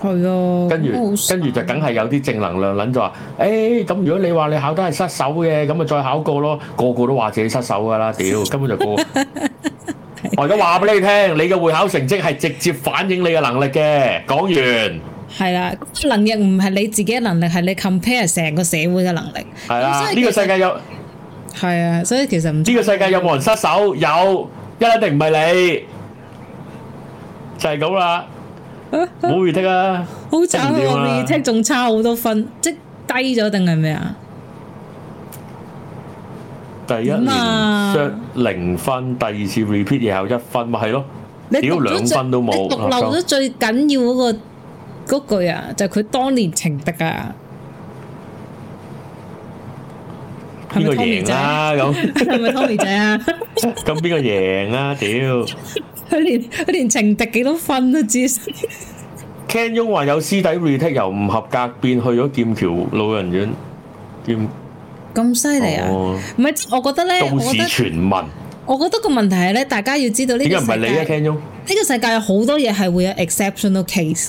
係啊，跟住跟住就梗係有啲正能量撚咗話，誒咁如果你話你考得係失手嘅，咁咪再考過咯，個個都話自己失手㗎啦，屌，根本就過我而家話俾你聽，你嘅會考成績係直接反映你嘅能力嘅，講完。係啦，能力唔係你自己嘅能力，係你 compare 成個社會嘅能力。係啦的，呢個世界有係啊，所以其實唔呢個世界有冇人失手？有一一定唔係你，就係咁啦。唔好預剔啊！好慘啊！我未剔，仲差好多分，即低咗定係咩啊？第一年零分，麼第二次 repeat 又有一分，咪係咯？你讀兩分都冇，讀漏咗最緊要嗰、嗰個嗰句啊，就係佢當年情敵啊，係咪 Tommy 仔啊？咁係咪 Tommy 仔啊？咁邊個贏啊？屌！佢連佢連情敵幾多分都知。Kenyon 話有私底 retake 由唔合格，變去咗劍橋老人院。劍咁犀利啊！唔係，我覺得咧，都市傳聞。我覺得個問題係咧，大家要知道呢個世界唔係你啊，Kenyon。呢個世界有好多嘢係會有 exceptional case。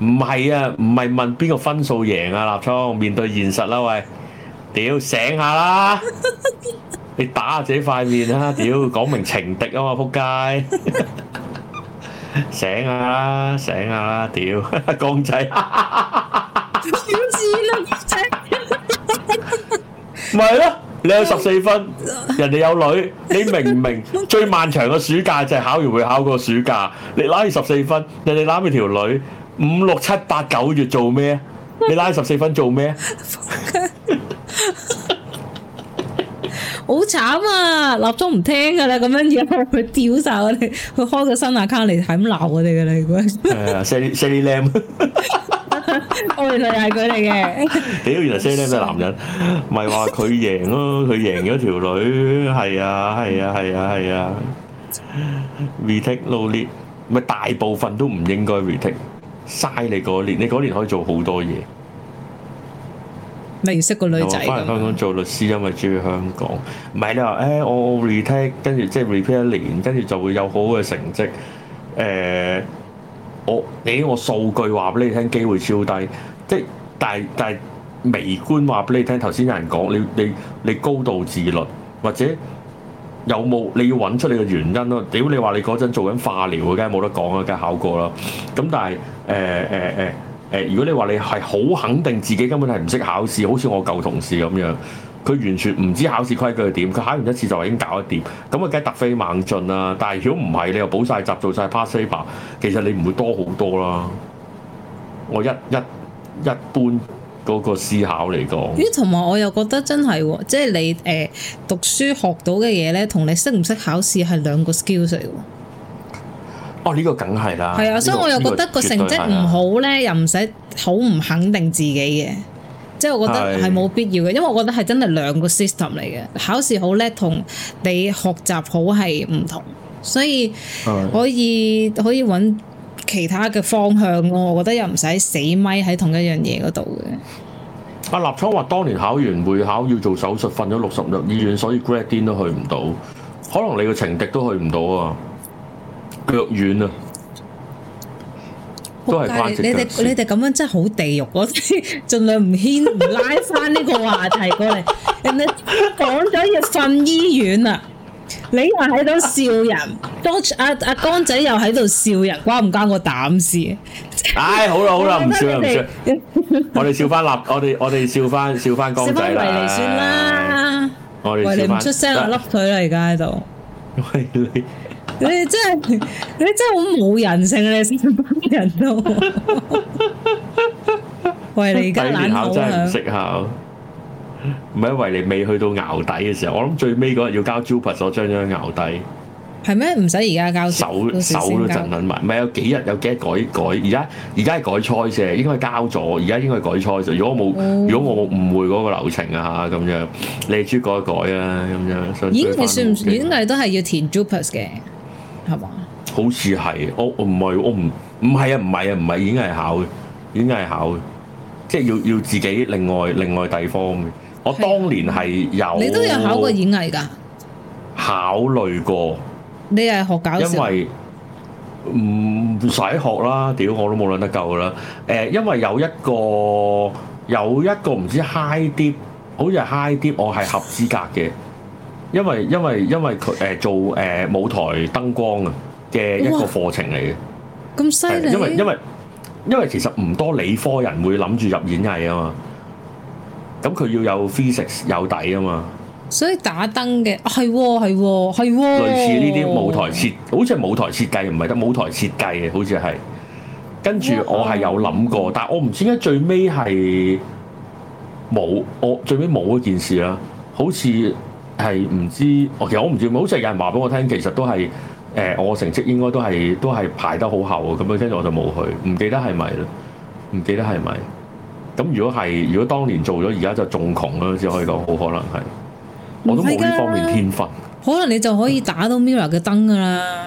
唔係啊，唔係問邊個分數贏啊！立聰面對現實啦，喂，屌醒下啦！你打下自己塊面啦，屌講明情敵啊嘛，撲街！醒下啦，醒下啦，屌公仔，少知啦，江仔，唔係囉，你有十四分，人哋有女，你明唔明？最漫長嘅暑假就係考完會考嗰個暑假，你攬住十四分，人哋攬住條女。五六七八九月做咩？你拉十四分做咩？好慘啊！鬧鐘唔聽噶啦，咁樣以後佢屌晒我哋，佢開個新 account 嚟係咁鬧我哋噶啦。係啊，Sherry Sherry Lam，我原來係佢嚟嘅。屌，原來 Sherry 係男人？咪話佢贏咯，佢贏咗條女。係啊，係啊，係啊，係啊。Retake lowly，咪大部分都唔應該 retake。嘥你嗰年，你嗰年可以做好多嘢。未識個女仔。翻嚟香港做律師，因為中意香港。唔係你話，誒、欸、我 retake 跟住即係 retake 一年，跟住就會有好好嘅成績。誒、呃，我俾、欸、我數據話俾你聽，機會超低。即係但係但係，微觀話俾你聽，頭先有人講你你你高度自律或者。有冇你要揾出你嘅原因咯？屌你話你嗰陣做緊化療嘅，梗係冇得講啦，梗係考過啦。咁但係誒誒誒誒，如果你話你係好、呃呃呃、肯定自己根本係唔識考試，好似我舊同事咁樣，佢完全唔知考試規矩係點，佢考完一次就已經搞一掂，咁啊梗係突飛猛進啦、啊。但係如果唔係，你又補晒習做晒 passer b r 其實你唔會多好多啦。我一一一般。嗰個思考嚟講，咦？同埋我又覺得真係喎，即、就、係、是、你誒、呃、讀書學到嘅嘢咧，同你識唔識考試係兩個 skills 嚟喎。哦，呢、這個梗係啦。係啊的，這個、所以我又覺得個成績唔好咧，這個這個、又唔使好唔肯定自己嘅。即、就、係、是、我覺得係冇必要嘅，因為我覺得係真係兩個 system 嚟嘅。考試好叻同你學習好係唔同，所以可以的可以搵。其他嘅方向咯，我覺得又唔使死咪喺同一樣嘢嗰度嘅。阿、啊、立昌話：當年考完會考要做手術，瞓咗六十日醫院，所以 grad din 都去唔到。可能你嘅情敵都去唔到啊，腳軟啊，都係關你。你哋你哋咁樣真係好地獄啊。我 盡量唔牽唔拉翻呢個話題過嚟。 人哋講咗要瞓醫院啊！你又喺度笑人，江阿阿江仔又喺度笑人，關唔關我膽事？唉，好啦好啦，唔笑啦唔笑，我哋笑翻立，我哋我哋笑翻笑翻江仔，喂你算啦，我哋喂你唔出聲啊，笠佢啦而家喺度，你真係你真係好冇人性啊你成班人都，喂你而家難考真係唔識考。唔係因為你未去到淆底嘅時候，我諗最尾嗰日要交 Jupas，我將將淆底。係咩？唔使而家交。手手都震緊埋，唔係有幾日有幾日改改？而家而家係改 choice 啫，應該係交咗。而家應該係改 choice 啫。如果我冇，如果我冇誤會嗰個流程啊嚇咁樣，你先改一改啊咁樣。已經係算唔？應該都係要填 Jupas 嘅，係嘛？好似係，我我唔係，我唔唔係啊，唔係啊，唔係已經係考嘅，已經係考嘅，即係要要自己另外另外地方。我當年係有，你都有考過演藝㗎？考慮過。你係學搞笑，因為唔唔使學啦，屌我都冇諗得夠啦。誒，因為有一個有一個唔知 high dip，好似係 high dip，我係合資格嘅。因為因為因為佢誒做誒舞台燈光啊嘅一個課程嚟嘅，咁犀利。因為因為因為其實唔多理科人會諗住入演藝啊嘛。咁佢要有 physics 有底啊嘛，所以打燈嘅。係喎係喎係喎，啊哦哦哦、類似呢啲舞台設，好似係舞台設計唔係得舞台設計嘅，好似係。跟住我係有諗過，哇但係我唔知點解最尾係冇，我最尾冇嗰件事啦。好似係唔知，我其實我唔知，好似有人話俾我聽，其實都係誒、呃，我成績應該都係都係排得好後嘅，咁樣跟住我就冇去，唔記得係咪啦，唔記得係咪。咁如果係，如果當年做咗，而家就仲窮咯，只可以講好可能係，我都冇呢方面天分，可能你就可以打到 Mirror 嘅燈噶啦，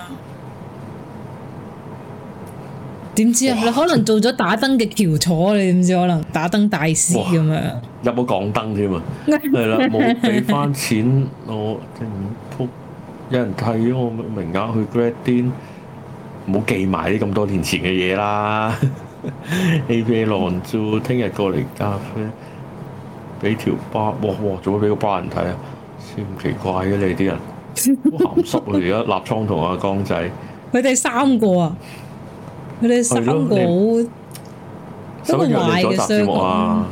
點、嗯、知啊？哇你可能做咗打燈嘅橋座，你點知可能打燈大師咁啊？入咗港燈添啊！係啦，冇俾翻錢我，竟然僕有人替咗我名額去 Gradian，冇記埋啲咁多年前嘅嘢啦。A.P. 郎照聽日過嚟咖啡，俾條巴，哇哇，做咩俾個巴人睇啊？先唔奇怪嘅你啲人，好鹹濕啊！而家立倉同阿江仔，佢哋三個啊，佢哋三個，三個都想約你做集節目啊？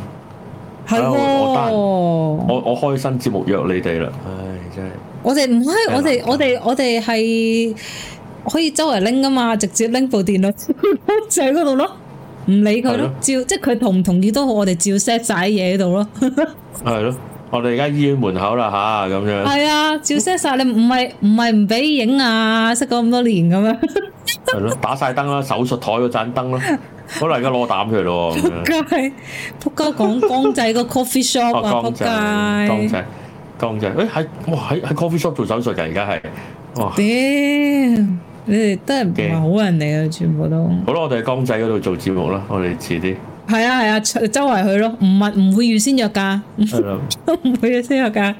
係、哎，我我我，我開新節目約你哋啦，唉，真係，我哋唔開，我哋我哋我哋係可以周圍拎噶嘛，直接拎部電腦就喺嗰度咯。 唔理佢咯，照的即係佢同唔同意都好，我哋照 set 晒嘢喺度咯。係 咯，我哋而家醫院門口啦吓，咁樣。係啊，照 set 晒你唔係唔係唔俾影啊？識咗咁多年咁樣。係咯，打晒燈啦，手術台嗰盞燈啦。好啦而家攞膽佢嚟咯。仆街，仆街，講江仔個 coffee shop 啊，仆街，江仔，江仔，誒、欸，係，哇，喺喺 coffee shop 做手術噶，而家係。Damn 你哋都係唔係好人嚟啊！全部都好啦，我哋喺江仔嗰度做節目啦，我哋遲啲。係啊係啊，周圍去咯，唔係唔會預先約架。係啦的，都唔 會預先約架，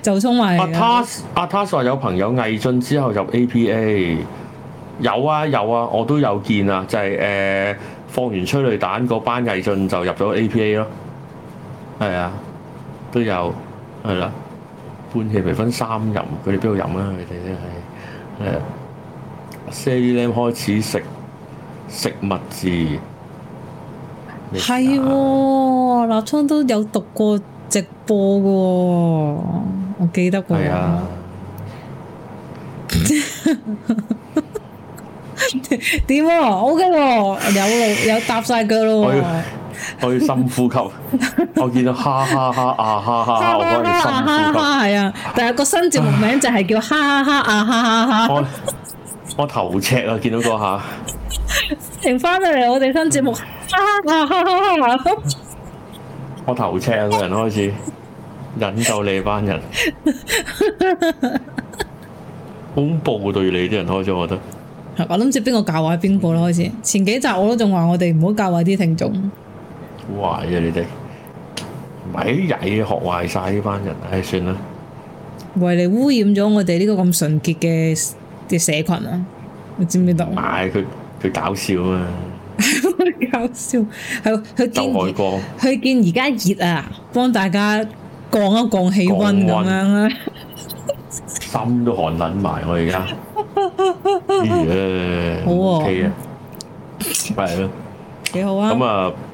就衝埋。阿他阿他話有朋友魏晉之後入 APA，有啊有啊，我都有見啊，就係、是、誒、呃、放完催淚彈嗰班魏晉就入咗 APA 咯。係啊，都有係啦，半夜微醺三任，佢哋邊度飲啊？佢哋咧係。係啊，say 開始食食物字，係喎，立春、啊、都有讀過直播嘅喎，我記得㗎。係啊，點 啊？OK 喎，有路有搭晒腳咯 我要深呼吸，我見到哈，哈哈哈啊哈哈哈，我幫你深呼吸，係啊。但係個新節目名就係叫哈哈哈啊哈哈哈。我我頭赤啊，見到個下。停翻嚟，我哋新節目，哈哈哈啊哈哈。我頭赤啊，個人開始引誘你班人， 恐怖對你啲人開咗，我覺得。 我諗住邊個教壞邊個啦，開始前幾集我都仲話我哋唔好教壞啲聽眾。壞啊！你哋咪曳學壞晒呢班人，唉算啦。為你污染咗我哋呢個咁純潔嘅嘅社群啊！你知唔知道？唉，佢佢搞笑啊嘛！搞笑，係佢見外國佢見而家熱啊，幫大家降一降氣溫咁樣啊！心都寒撚埋我而家。好啊，幾好啊！咁啊～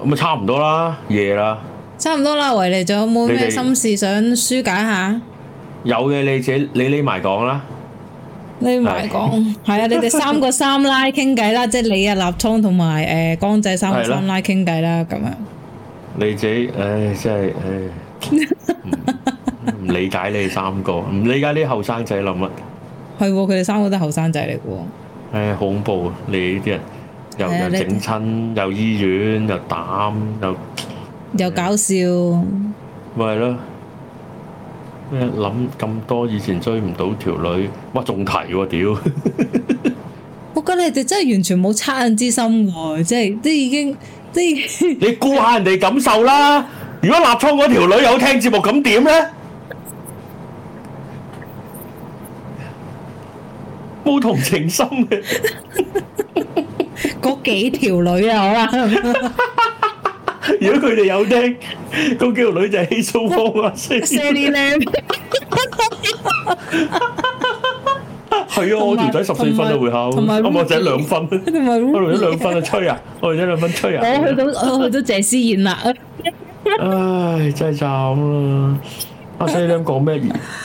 咁咪差唔多啦，夜啦。差唔多啦，維尼，仲有冇咩心事想紓解下？有嘅，你自己你匿埋講啦。匿埋講，係啊，你哋三個三拉傾偈啦，即係你啊立聰同埋誒江仔三個三拉傾偈啦，咁樣。你自己，唉，真係唉，唔理解你哋三個，唔理解啲後生仔諗乜。係，佢哋三個都後生仔嚟噶。唉，恐怖啊，你啲人。又又整親，又醫院，又膽，又又搞笑，咪係咯？咩諗咁多？以前追唔到條女，乜仲提喎屌！我覺得你哋真係完全冇惻隱之心喎，即係都已經都已經。你顧下人哋感受啦！如果立倉嗰條女有聽節目，咁點咧？冇同情心嘅。嗰幾條女啊！如果佢哋有聽，嗰幾條女就係輕鬆波啊！阿 Sirly 呢？係啊，我條仔十四分啊，會考，阿莫仔兩分，我哋啲兩分啊，吹啊，我哋啲兩分吹啊！去到我去到謝思燕啦！唉，真係慘啊！阿 Sirly 呢講咩？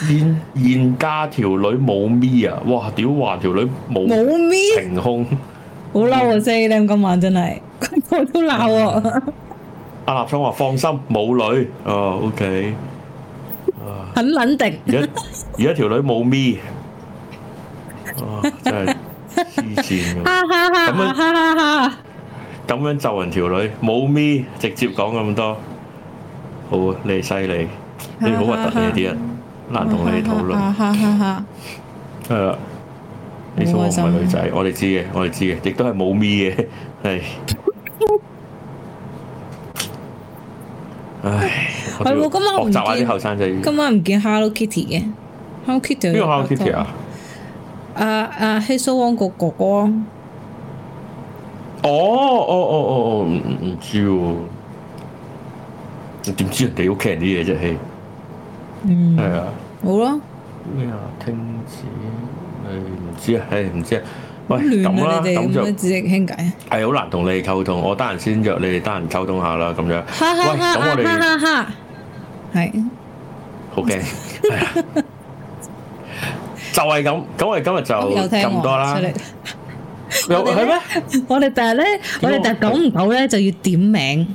現現家條女冇咪啊！哇！屌話條女冇咪平胸。好嬲啊！四靚今晚真係，我都鬧。阿立聰話：放心，冇女哦。OK，很穩定。而而家條女冇咪，真係黐線嘅。咁樣咁樣咒人條女冇咪，直接講咁多，好啊！你犀利，你好核突呢啲人，難同你討論。哈哈哈，係啦。He So，唔係女仔， 我哋知嘅，我哋知嘅，亦都係冇 me 嘅，係。唉，係喎， 今晚我唔見。學習下啲後生仔。今晚唔見 Hello Kitty 嘅，Hello Kitty。邊個 Hello Kitty 啊？啊，阿 He So Wong、嗯、個哥哥。哦哦哦哦哦，唔知喎。你點知人哋屋企人啲嘢啫？嗯，係啊。好啦。咩啊？聽住你。知啊，誒唔知啊，喂，咁啦，咁就只傾偈，係好難同你哋溝通，我得閒先約你哋，得閒溝通下啦，咁樣。哈哈，咁我哋哈哈哈，係，好嘅，係啊，就係咁，咁我哋今日就咁多啦。有係咩？我哋但係咧，我哋但係久唔久咧就要點名。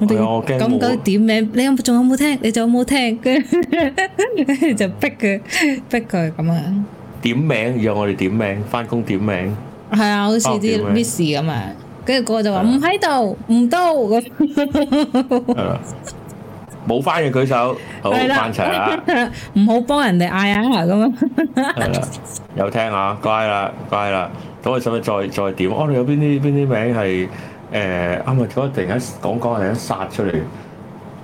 我哋啊，我驚我久唔久點名？你有冇仲有冇聽？你仲有冇聽？跟住就逼佢，逼佢咁啊！點名，讓我哋點名，翻工點名。係啊，好似啲 miss 咁啊。跟住個就話唔喺度，唔到。係啦，冇翻嘅舉手，好翻齊啦。唔好幫人哋嗌啊！咁樣，有聽啊，乖啦，乖啦。咁我使唔使再再點？我哋有邊啲邊啲名係誒啱啊？嗰個突然間講講下，突然間殺出嚟，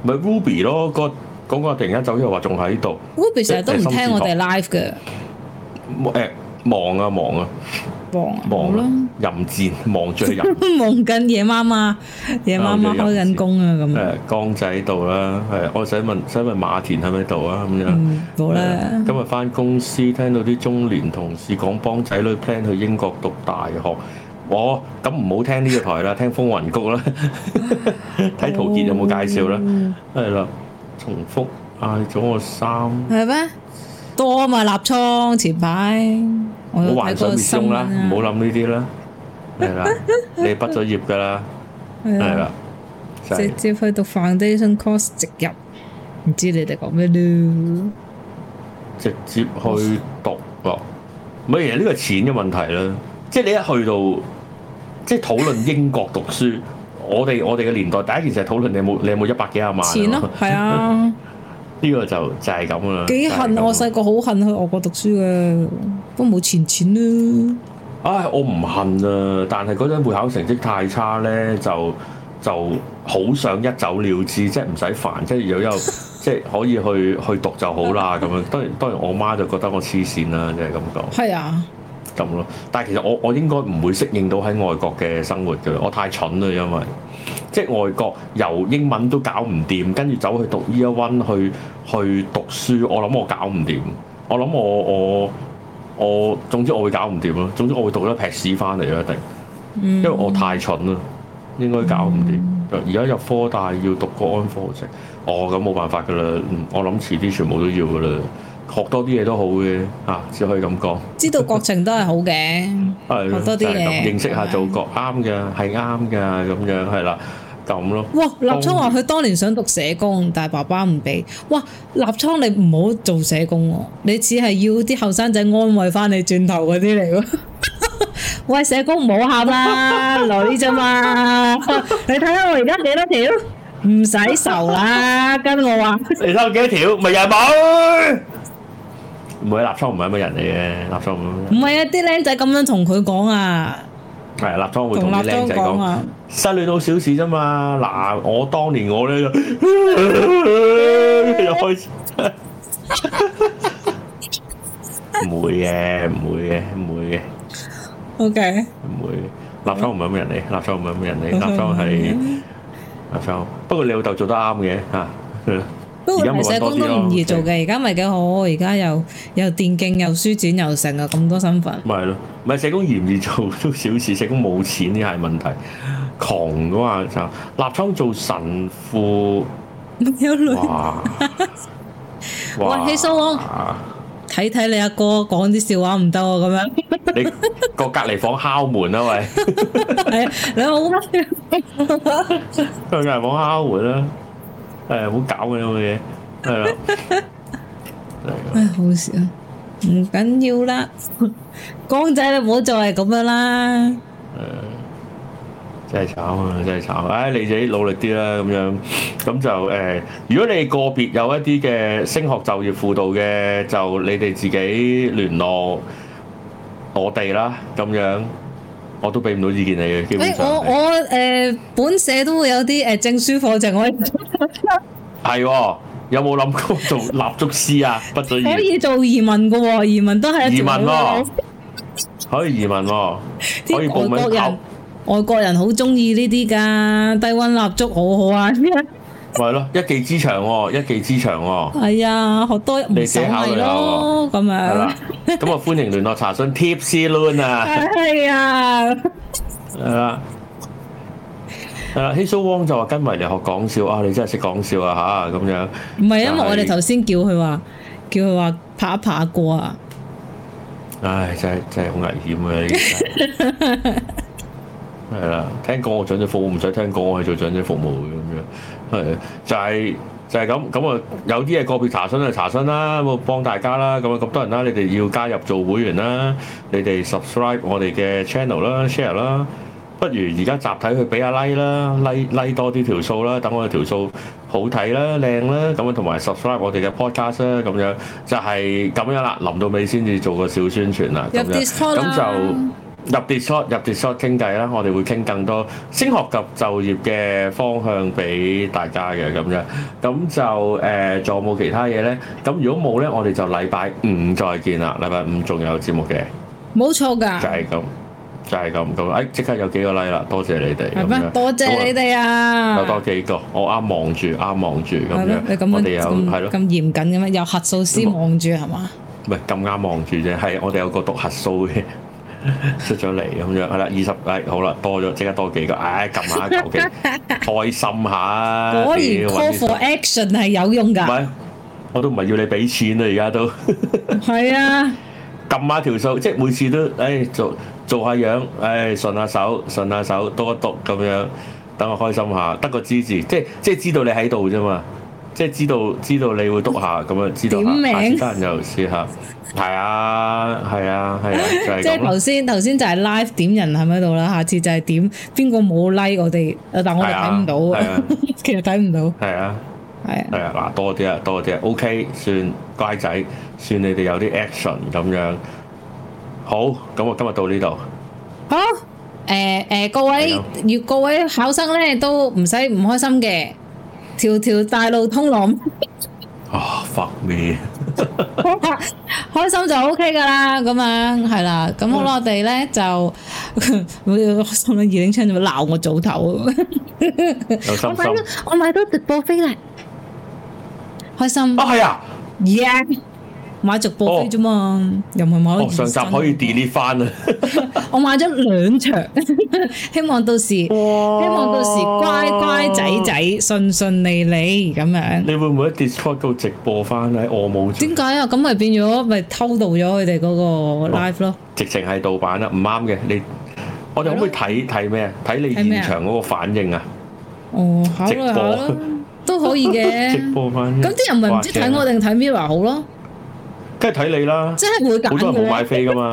咪 Ruby 咯？個講講突然間走咗，話仲喺度。Ruby 成日都唔聽我哋 live 㗎。誒，忙啊忙啊，忙忙啦，任戰忙著任，忙緊嗎 夜媽媽，夜媽媽開緊工啊咁。誒， 江仔度啦，誒，我想問想問馬田喺咪度啊？咁樣好啦。今日翻公司聽到啲中年同事講幫仔女 plan 去英國讀大學，我咁唔好聽呢個台啦，聽風雲谷啦，睇 陶傑有冇介紹啦。係啦我，嗯、重複嗌咗我三係咩？吧 多啊嘛，立倉前排，我好、啊、幻想別夢啦，唔好諗呢啲啦，係 啦，你畢咗業噶啦，係 啦，就是、直接去讀 foundation course 直入，唔知你哋講咩咯？直接去讀咯，咪其實呢個錢嘅問題啦，即係你一去到，即係討論英國讀書， 我哋我哋嘅年代第一件事係討論你有冇你有冇一百幾廿萬？錢咯，係啊。 呢個就就係咁啦。幾恨我細個好恨去外國讀書嘅，都冇錢錢啦。唉，我唔恨啊，但係嗰陣會考成績太差呢，就就好想一走了之，即係唔使煩，即係如果有即係 可以去去讀就好啦。咁樣當然當然，當然我媽就覺得我黐線啦，即係咁講。係啊。咁咯，但係其實我我應該唔會適應到喺外國嘅生活嘅，我太蠢啦，因為即係外國由英文都搞唔掂，跟住走去讀 year one 去去讀書，我諗我搞唔掂，我諗我我我總之我會搞唔掂咯，總之我會讀得劈屎翻嚟一定，因為我太蠢啦，應該搞唔掂。而家、嗯、入科大要讀國安課程，哦咁冇辦法噶啦，我諗遲啲全部都要噶啦。學多啲嘢都好嘅，嚇只可以咁講。知道國情都係好嘅，學多啲嘢，認識下做國啱嘅，係啱嘅咁樣，係啦，咁咯。哇！立倉話佢當年想讀社工，但係爸爸唔俾。哇！立倉你唔好做社工喎，你只係要啲後生仔安慰翻你轉頭嗰啲嚟喎。喂，社工唔好喊啦，女咋嘛！你睇下我而家幾多條？唔使愁啦，跟住我話你睇下幾多條，咪又冇。唔係立昌唔係咁嘅人嚟嘅，立昌唔係啊！啲僆仔咁樣同佢講啊，係立昌會同啲僆仔講啊，失戀到小事啫嘛。嗱，我當年我咧又開始唔會嘅，唔會嘅，唔會嘅。會 OK，唔會嘅。立昌唔係咁嘅人嚟，立昌唔係咁嘅人嚟，立昌係立昌。不過你老豆做得啱嘅嚇，啊而家唔係多啲啊！社工都唔易做嘅，而家咪幾好，而家又又電競又書展又成啊！咁多身份。咪係咯，咪社工易唔易做都小事，社工冇錢呢係問題。窮嘅話就立倉做神父。唔有女。哇！哇！起訴我，睇睇你阿哥講啲笑話唔得啊？咁樣。你個隔離房敲門啊，喂！係啊，你好乜？隔離房敲門啦！誒，好搞嘅咁嘅嘢，係啦。哎，好事啊，唔緊要啦，江仔你唔好再係咁樣啦。誒，真係慘啊，真係慘！哎，你自己努力啲啦，咁樣，咁就誒，如果你個別有一啲嘅升學就業輔導嘅，就你哋自己聯絡我哋啦，咁樣。我都俾唔到意見你嘅，基本上、欸。我我誒、呃、本社都會有啲誒證書課程，我、呃、係。係喎， 有冇諗過做蠟燭師啊？不準。可以做移民㗎喎、哦，移民都係。移民喎、哦。可以移民喎、哦。 可以報名外國人，外國人好中意呢啲㗎，低溫蠟燭好好啊。 係咯，一技之長喎，一技之長喎。係啊，好多唔少咪咯，咁樣。係啦，咁啊歡迎聯絡查詢 tips 咯啊。係啊，係啦。誒，希蘇汪就話跟埋嚟學講笑啊！你真係識講笑啊吓，咁樣。唔係因為我哋頭先叫佢話，叫佢話拍一拍過啊。唉，真係真係好危險嘅。係啦，聽講我長者服務唔使聽講，我係做長者服務係， 就係、係、就係咁咁啊！有啲嘢個別查詢就查詢啦，我幫大家啦，咁啊咁多人啦、啊，你哋要加入做會員、啊、啦，你哋 subscribe 我哋嘅 channel 啦，share 啦，不如而家集體去俾阿 like 啦 like 多啲條數啦，等我條數好睇啦，靚啦，咁啊同埋 subscribe 我哋嘅 podcast 啦，咁樣就係咁樣啦，臨到尾先至做個小宣傳啦，咁樣咁就。入 Discord，入 Discord 傾偈啦，我哋會傾更多升學及就業嘅方向俾大家嘅咁樣，咁就誒，仲有冇其他嘢咧？咁如果冇咧，我哋就禮拜五再見啦。禮拜五仲有節目嘅，冇錯噶，就係咁，就係咁咁。哎，即刻有幾個 like 啦，多謝你哋咁多謝你哋啊，有多幾個，我啱望住，啱望住咁樣。咁我哋有係咯，咁嚴謹嘅咩？有核數師望住係嘛？唔係咁啱望住啫，係我哋有個讀核數嘅。 出咗嚟咁樣係啦，二十哎好啦，多咗即刻多幾個，唉、哎，撳下九幾，開心下啊！果然如多、哎、call for action 係有用噶。唔係，我都唔係要你俾錢啊，而家都係啊，撳 下條數，即係每次都，哎做做下樣，哎順下手，順下手，多篤咁樣，等我開心下，得個知字，即係即係知道你喺度啫嘛。即係知道知道你會督下，咁啊知道下，下次間就試下。係啊係啊係啊，就係咁咯。即係頭先頭先就係 live 點人喺咪度啦，下次就係點邊個冇 like 我哋，但係我哋睇唔到，其實睇唔到。係啊係啊係啊嗱，多啲啊多啲啊，OK，算乖仔，算你哋有啲 action 咁樣。好，咁我今日到呢度。好，誒誒，各位，若各位考生咧都唔使唔開心嘅。條條大路通龍，啊發咩？開心就 OK 噶啦，咁樣係啦，咁好啦，我哋咧就我要送咗二零千，仲鬧我早唞。我買到我買到直播飛啦，開心。哦係啊，yeah。買直播機啫嘛，哦、又唔係買。上集可以 delete 翻啊！ 我買咗兩場， 希望到時，哇希望到時乖乖仔仔順順利利咁樣。你會唔會喺 discord 度直播翻喺我冇？點解啊？咁咪變咗咪、就是、偷渡咗佢哋嗰個 live 咯，哦？直情係盜版啊，唔啱嘅。你我哋可唔可以睇睇咩啊？睇你現場嗰個反應啊？哦，直播 都可以嘅。 直播翻咁啲人咪唔知睇我定睇 mirror 好咯？梗係睇你啦，即係會揀。好多人冇買飛噶嘛，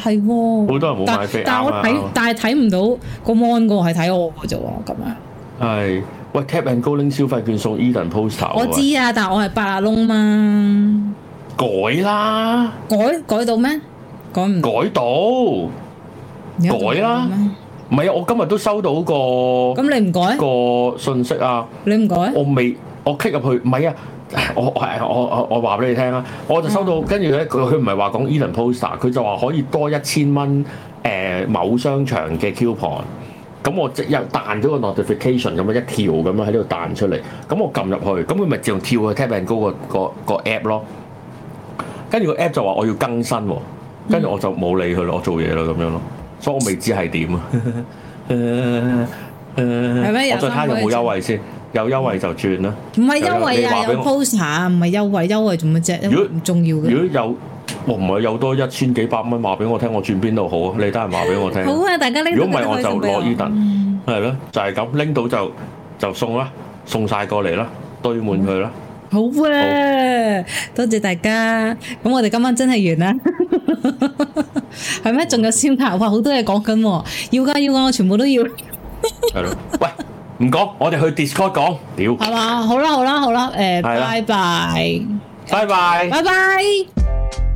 係喎。好多人冇買飛啱啊嘛。但係睇，但係睇唔到個 mon，個係睇我啫喎，咁啊。係喂，Tap & Go 消費券，送 Eden poster。我知啊，但係我係八啊窿嘛。改啦，改改到咩？改唔改到？改啦，唔係啊！我今日都收到個，咁你唔改個訊息啊？你唔改？我未，我 kick 入去，唔係啊。我係我我我話俾你聽啦，我就收到，跟住咧佢唔係話講 Ethan Poster，佢就話可以多一千蚊誒、呃、某商場嘅 coupon。咁我即日彈一彈咗個 notification 咁樣一條咁樣喺呢度彈出嚟。咁我撳入去，咁佢咪自動跳去 Tap and Go 個 app 咯。跟住個 app 就話我要更新喎。跟住我就冇理佢咯，我做嘢咯咁樣咯。所以我未知係點啊？誒誒、 uh, uh,，我再睇下、嗯、樣有冇優惠先。有優惠就轉啦，唔係優惠啊，有 poster 啊，唔係優惠，優惠做乜啫？如果唔重要嘅，如果有我唔係有多一千幾百蚊話俾我聽，我轉邊度好啊？你得人話俾我聽，好啊！大家拎到就送俾我啦，係咯，就係咁拎到就就送啦，送晒過嚟啦，堆滿佢啦。好啊，多謝大家，咁我哋今晚真係完啦，係咩？仲有消卡哇，好多嘢講緊喎，要㗎要㗎，我全部都要。係咯，喂。唔講，我哋去 Discord 講，屌。係嘛？好啦、呃，好啦、啊，好啦。誒，拜拜。拜拜。拜拜。